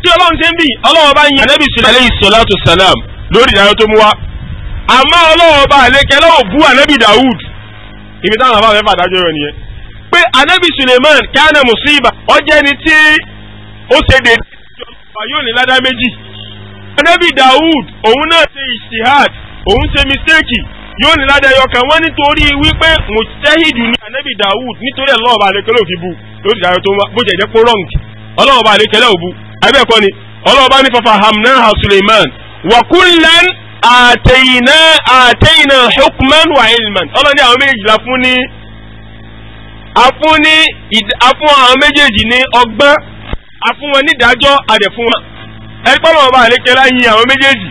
Speaker 1: tí ọlọ́run ṣe ń bì ọlọ́wọ́n bá yin ànábì Suleiman aleyhi salatu salam lórí ìdájọ́ tó mú wá. àmọ́ ọlọ́wọ́n bá lékelé ò bú ànábì ibi táwọn àbá fẹ́ fàdájọ́ rẹ̀ nìyẹn pé anabi suleiman kánà musiba ọjẹ́ ni tí ó ṣe dé ìjọba yóò ní ládá méjì anabi dawud òun náà ṣe ìṣìhad òun ṣe mistake yóò ní ládá ẹyọ kan wọ́n nítorí wípé mùtẹ́hìdù ni anabi dawud nítorí ẹ̀ lọ́wọ́ bá alekele òfin bu lórí ìdájọ́ tó ń wá bó jẹ́ kó rọ́ǹkì ọlọ́wọ́ alekele òbu abẹ́ẹ̀kọ́ ni ọlọ́wọ́ bá ní fafahamnaha suleiman wa àtẹ̀yìnà àtẹ̀yìnà hukman wa ilman ọlọ́ni àwọn méjèèjì la fún ní afún ní afún àwọn méjèèjì ní ọgbọ́n afún wọn nídàájọ́ àdẹ̀fún wọn ẹgbẹ́ wọn bá àlékẹ́ láyìn àwọn méjèèjì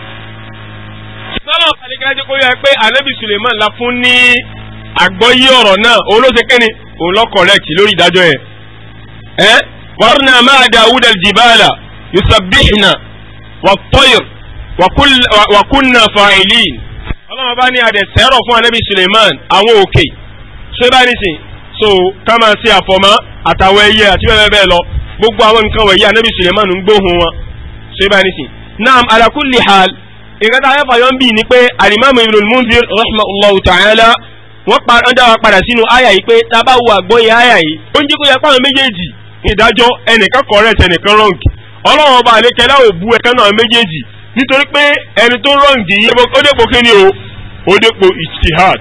Speaker 1: sọ́nà àlékẹ́ láyìn kó yẹ pé ànábì Suleiman la fún ní àgbọ́yé ọ̀rọ̀ náà òun ló ṣe kéne òun lọ lórí ìdájọ́ yẹn ẹ warna ma'a Dawud al-jibala yusabbihna wat-tayr wa kunna fa'ilin ọlọ́run bá ní adẹ̀ sẹ́rọ̀ fún anabi suleiman àwọn òkè ṣé bá ní so ká máa ṣe àfọ̀mọ́ àtàwọn ẹyẹ àti bẹ́ẹ̀ bẹ́ẹ̀ lọ gbogbo àwọn nǹkan wọ̀nyí anabi suleiman ń gbóhùn wọn ṣé bá ní sìn naam ala hal nǹkan tá a yẹ fàyọ́ ń bì ní pé alimami ibn al-munzir rahmatulahu ta'ala wọ́n pa ọ́n dá wa padà sínú àyà yìí pé tá a bá wo àgbọ́yé àyà yìí ó ń jí kó yẹ pàwọn méjèèjì ìdájọ́ ẹnìkan correct ẹnìkan wrong ọlọ́run ọba àlékẹ́lá ò bu ẹ̀kan náà méjèèjì nítorí pé ẹni tó rọǹgì yẹ ó dépò kíni o ó dépò ijtihad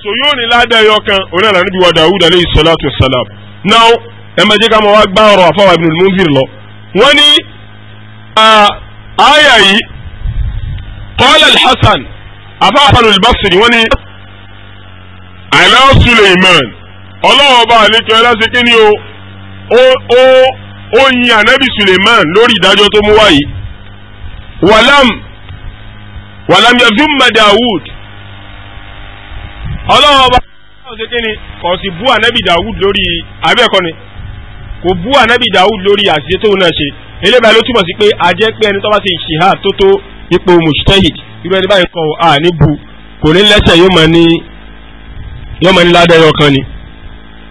Speaker 1: so yóò ní ládàá ẹyọ kan oní àlàní bíi wa Dawud aleyhi salatu wa salam now ẹ máa jẹ́ ká máa wá gbá ọ̀rọ̀ àfọwọ́ Ibn al-Munzir lọ wọ́n ní àyà yìí qala al-Hasan afáfáàlù al-Basri wọ́n ní àlá Suleiman ọlọ́wọ́ bá àlejò ẹ láti kíni o ó ó ó yin ànábì Suleiman lórí ìdájọ́ tó mú wáyìí. Walam, wàlám yẹ dùnmà dawud ọlọ́run ọba ọ̀sẹ̀ kí ni kò sì bú ànábì dawud lórí abẹ́ẹ̀kọ́ ni kò bú ànábì dawud lórí àṣìṣe tóun náà ṣe eléba ló túmọ̀ sí pé a jẹ́ pé ẹni tó bá ṣe ìṣìhà tó tó ipò mùsítẹ́hìd irú ẹni báyìí kọ́ à ní bu kò ní lẹ́sẹ̀ yóò máa ní yóò máa ní ládẹ́yọ kan ni.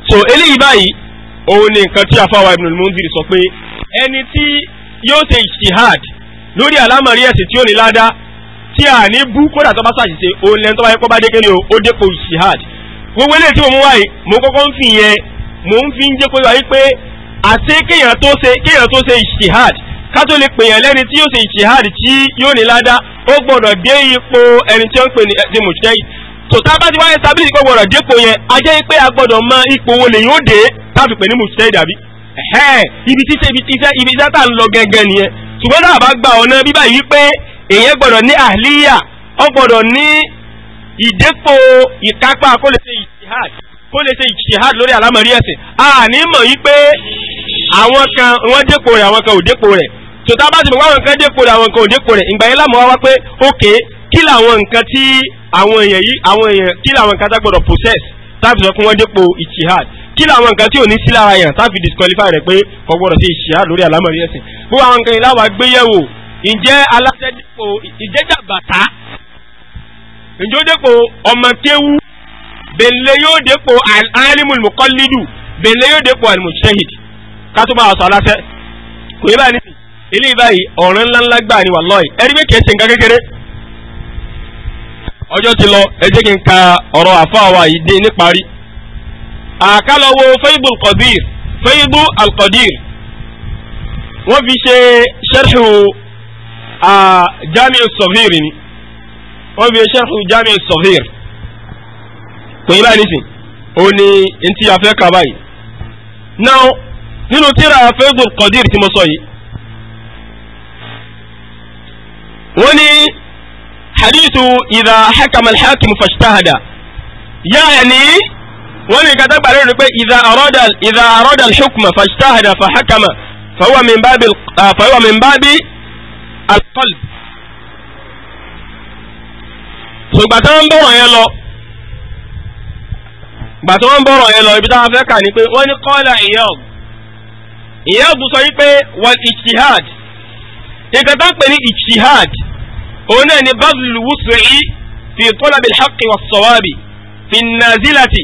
Speaker 1: so eléyìí báyìí òun ni nǹkan tí afáwa Ibn al-Mundhir sọ pé ẹni tí yóò ṣe ìṣìhàd lórí àlámọ̀rí ẹ̀sìn tí ó ní ládá tí a ní bú kódà tó bá ṣàṣìṣe òun lẹ́nu tó bá yẹ kó bá dé kéde o ó dépò ìṣìhàd gbogbo eléyìí tí mo mú wáyé mo kọ́kọ́ ń fi yẹn mo ń fi ń jẹ́ kó wáyé pé àti kéèyàn tó ṣe kéèyàn tó ṣe ìṣìhàd ká tó lè pèèyàn lẹ́ni tí yóò ṣe ìṣìhàd tí yóò ní ládá ó gbọ́dọ̀ dé ipò ẹni tí ó ń pè ní mùsùlùmí tòtá bá ti wáyé tábìlì kó gbọ́dọ̀ dépò yẹn a jẹ́ pé a gbọ́dọ̀ mọ ipò wo lè yóò dé tábìpẹ̀ ní mùsùlùmí dàbí ibi tí ibi tí ibi tí tá à ń lọ gẹ́gẹ́ nìyẹn ṣùgbọ́n tá a bá gba ọ̀nà bíbá yìí pé èèyàn gbọ́dọ̀ ní àhlíyà ó gbọ́dọ̀ ní ìdépò ìkápá kó lè ṣe ìṣìhàd kó lè ṣe ìṣìhàd lórí àlámọ̀rí ẹ̀sìn àní mọ̀ yìí pé àwọn kan wọ́n dépò rẹ̀ àwọn kan ò dépò rẹ̀ tòtá bá ti mọ̀ wáwọn kan dépò rẹ̀ àwọn kan ò dépò rẹ̀ ìgbà yẹn lámọ̀ wá pé ókè kí làwọn nǹkan tí àwọn èèyàn yìí àwọn èèyàn kí làwọn nǹkan tá gbọ́dọ̀ possess táàbì sọ pé wọ́n dépò ìṣìhàd kí làwọn nǹkan tí ò ní sí lára yàn táàbì disqualify rẹ̀ pé kò gbọ́dọ̀ sí ìṣìhàd lórí àlámọ̀rí ẹ̀sìn gbogbo àwọn nǹkan ìlàwà gbéyẹ̀wò ǹjẹ́ aláṣẹ dépò ìjẹ́jà bàtà dépò ọmọ kéwú bẹ̀lẹ̀ yóò dépò alimul muqallidu bẹ̀lẹ̀ yóò dépò al-mujtahid kátó bá aṣọ aláṣẹ kò yẹ báyìí nísìnyí ilé ìbáyìí ọ̀ràn ńláńlá gbà ni wàlọ́ọ̀ ọjọ́ ti lọ ẹ jẹ́ kí n ka ọ̀rọ̀ àfáàwà yìí dé níparí. àkàlọ́wọ́ fẹ́yìbù alqadir fẹ́yìbù alqadir wọ́n fi ṣe ṣẹ́rìhù jamiu sọ̀fìr ni wọ́n fi ṣe ṣẹ́rìhù jamiu sọ̀fìr kò báyìí nísìn ó ní ntí afẹ́ kà báyìí. náà nínú tíra fẹ́yìbù alqadir tí mo sọ yìí wọ́n ní alhadithu idha hakama alhakim fashtahada yaani wọ́n ní nǹkan tágbà lórí pé idha arada idha arada alhukma fashtahada fahakama fahuwa min babi ah, fahuwa min babi alqalb. ṣùgbọ́n tí wọ́n ń bọ̀rọ̀ yẹn lọ gbà tí wọ́n ń bọ̀rọ̀ yẹn lọ ibi táwọn fẹ́ kà ní pé wọ́n ní qala Iyad Iyad sọ wípé wal ijtihad nǹkan tá pè ní ijtihad òun náà ni bazlu wus'i fi talabil haqqi was sawabi fi nazilati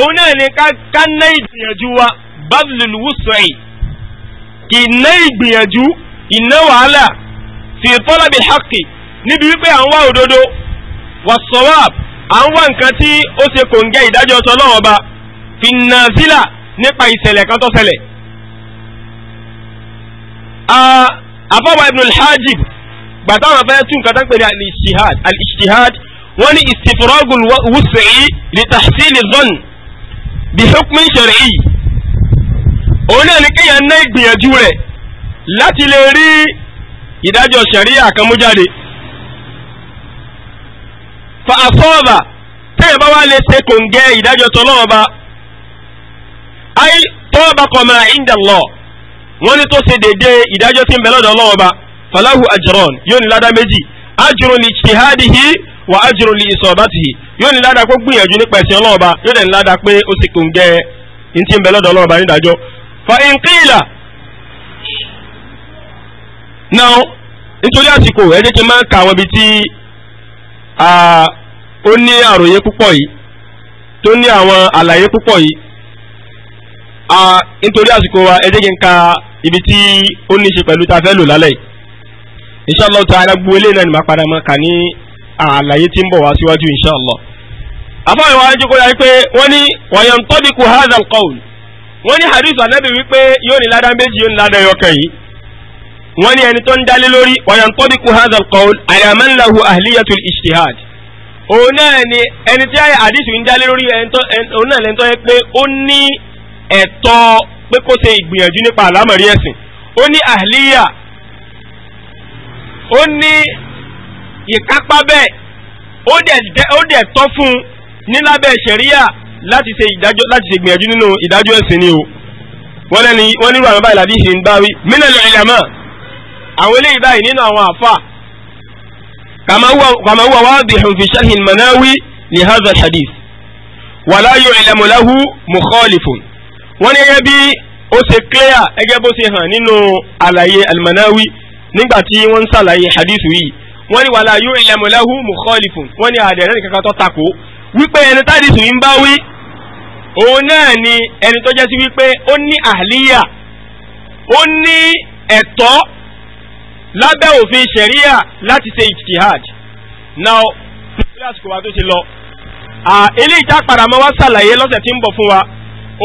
Speaker 1: òun náà ni ká ná ìgbìyànjú wa bazlu wus'i kì í ná ìgbìyànjú ìná wàhálà fi talabil haqqi níbi wípé à ń wá òdodo was sawab à ń wá nǹkan tí ó ṣe kò ń gẹ́ ìdájọ́ tọ́lọ́wọ́ ba fi nazila nípa ìṣẹ̀lẹ̀ kan tó ṣẹlẹ̀. àbáwá ibn al-hajib gbàtà wọn fẹ́ tún nǹkan tán pè ní al-ijtihad al-ijtihad wọ́n ní istifragul wus'i li tahsil zon bi hukmin shar'i òun náà ní kéèyàn ná ìgbìyànjú rẹ̀ láti lè rí ìdájọ́ sẹ̀ríà kan mú jáde fa àfọ́ọ̀bà téèyàn bá wá lè ṣe kòǹgẹ́ ìdájọ́ tọ́lọ́ọ̀ba ayé tọ́ọ̀bà kọ̀ọ̀mà inda Allah wọ́n ní tó ṣe déédéé ìdájọ́ tí ń bẹ lọ́dọ̀ ọlọ́ọ̀ba falahu ajran yóò ní ládá méjì ajrun li wa ajrun li isabatihi yóò ní ládá pé gbìyànjú nípa ẹ̀sìn ọlọ́ọ̀ba yóò dẹ̀ ní ládá pé ó sì kún gẹ́ ntí ń bẹ lọ́dọ̀ ọlọ́ọ̀ba fa in qila nítorí àsìkò ẹ jẹ́ kí n máa ka àwọn ibi tí ó ní àròyé púpọ̀ yìí tó ní àwọn àlàyé púpọ̀ yìí nítorí wa ẹ jẹ́ kí ibi tí ó ní ṣe pẹ̀lú fẹ́ lò lálẹ́ inshallah ta'ala gbogbo eléyìí náà ni màá padà máa kà ní àlàyé tí ń bọ̀ wá síwájú inshallah. àfọwọ́n wa jókòó yá pé wọ́n ní wọ̀nyẹn tọ́bi kù hadha al-qawl wọ́n ní hadith anabi wípé yóò ní ládàá méjì yóò ní ládàá yọkẹ́ yìí wọ́n ní ẹni tó ń dalé lórí wọ̀nyẹn tọ́bi kù hadha al-qawl ala man lahu ahliyatul ijtihad òun náà ni ẹni tí hadith ń dalé lórí òun náà lẹ́ntọ́ yẹ pé ó ní ẹ̀tọ́ pé kó ṣe ìgbìyànjú nípa àlámọ̀rí ẹ̀sìn ó ní àhlíyà ó ní ìkápá bẹ́ẹ̀ ó dẹ̀ tọ́ fún un ní lábẹ́ ṣẹ̀ríyà láti ṣe ìdájọ́ láti ṣe gbìyànjú nínú ìdájọ́ ẹ̀sìn ni o wọ́n lẹ́ni wọ́n nírú àwọn báyìí làdíṣe ń bá wí minal ulama àwọn eléyìí báyìí nínú àwọn àfà kama huwa wadihun fi sharhi al-manawi li hadha al-hadith wala yu'lamu lahu wọ́n ní gẹ́gẹ́ bí ó ṣe clear gẹ́gẹ́ bó ṣe hàn nínú àlàyé al nígbà tí wọ́n ń sàlàyé hadith yìí wọ́n ní wàlá yóò ìlẹ̀mú lẹ́hu mùkọ́lìfùn wọ́n ní àdẹ̀rẹ́ nìkan kan tó takò wípé ẹni tá hadith yìí ń bá wí òun náà ni ẹni tó jẹ́ sí wípé ó ní àhlíyà ó ní ẹ̀tọ́ lábẹ́ òfin ṣẹ̀ríyà láti ṣe ìtìhàd now nítorí àsìkò wa tó ti lọ eléyìí tá a padà mọ́ wá ṣàlàyé lọ́sẹ̀ tí ń bọ̀ fún wa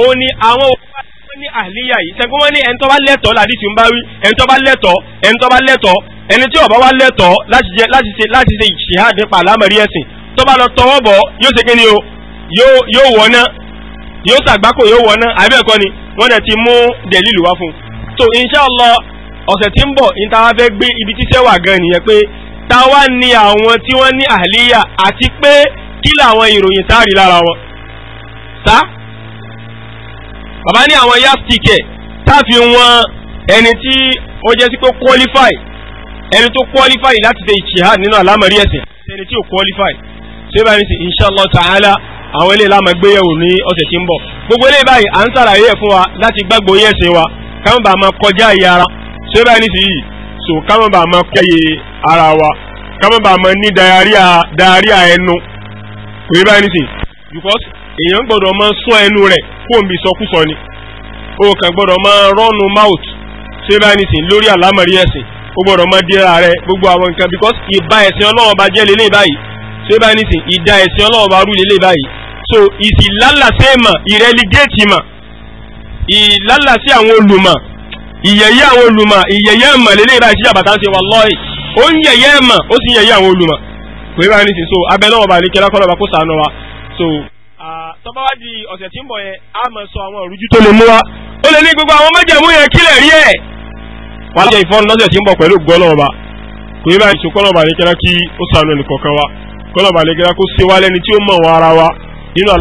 Speaker 1: òun ni àwọn òkúta ní àhìlíyà yìí sẹ́gbọ́n wọn ní ẹni tó bá lẹ́tọ̀ọ́ làdí tí ń bá wí ẹni tó bá lẹ́tọ̀ọ́ ẹni tó bá lẹ́tọ̀ọ́ ẹni tí ó bá wá lẹ́tọ̀ọ́ láti ṣe láti ṣe láti ṣe ìṣèhà nípa àlámọ̀rí ẹ̀sìn tó bá lọ tọwọ́ bọ̀ yóò ṣe kíni o yóò wọná yóò ṣàgbákò yóò wọná àbẹ́ẹ̀kọ́ ni wọ́n dẹ̀ ti mú dẹ̀lílù wá fún un. so inshallah ọ̀sẹ̀ tí ń bọ̀ níta wá fẹ́ gbé ibi tíṣẹ́ wà gan nìyẹn pé ta wá ní àwọn tí wọ́n ní àhìlíyà bàbá ní àwọn yastik ẹ̀ táàfi wọn ẹni tí ó jẹ́ sí pé qualify ẹni tó qualify láti ṣe ìṣèhàn nínú àlámọ̀rí ẹ̀sìn ẹni tí ò qualify ṣé báyìí sí inshallah ta'ala àwọn ilé ìlànà gbéyẹ̀wò ní ọ̀sẹ̀ tí ń bọ̀ gbogbo ilé báyìí à ń sàlàyé ẹ̀ fún wa láti gbàgbọ́ yẹ̀ ṣe wa káwọn bá máa kọjá ìyá ara ṣé báyìí ní sìyí so káwọn bá máa kẹ́yẹ ara wa káwọn bá máa ní dàríà dàríà ẹnu kò yẹ báyìí ní sìyí because èèyàn gbọ́dọ̀ máa sún ẹnu rẹ̀ kó omi sọkúsọ ni o kàn gbọ́dọ̀ máa rọ́nu mouth ṣé bá ní sìn lórí àlámọ̀rí ẹ̀sìn o gbọ́dọ̀ máa dira rẹ gbogbo àwọn nǹkan because ìbá ẹ̀sìn ọlọ́wọ́ bá jẹ́ lélẹ̀ báyìí ṣé bá ní sìn ìdá ẹ̀sìn ọlọ́wọ́ bá rú lélẹ̀ báyìí so ìsìlálàsẹ́ mọ̀ ìrẹ́lígẹ́ẹ̀tì mọ̀ ìlálàsẹ́ àwọn olùmọ̀ ìyẹ̀yẹ́ àwọn olùmọ̀ ìyẹ̀yẹ́ mọ̀ lélẹ̀ báyìí ṣíjà bàtà ṣe wallahi ó ń yẹ̀yẹ́ mọ̀ ó sì ń yẹ̀yẹ́ àwọn olùmọ̀ pé báyìí ní so abẹ́ náà wà so. tọ́ba di ọ̀sẹ̀ tí ń bọ̀ yẹn a máa sọ àwọn òrújú tó lè mú wa ó lè ní gbogbo àwọn májẹ̀mú yẹn kílẹ̀ rí ẹ̀. wà á jẹ ìfọ́n lọ́sẹ̀ tí ń bọ̀ pẹ̀lú gọ́lọ́ọ̀ba kò yẹ báyìí sọkọ́ lọ́ba àlekẹ́lá kí ó sànù ẹnìkọ̀ọ̀kan wa
Speaker 2: gọ́lọ́ọ̀ba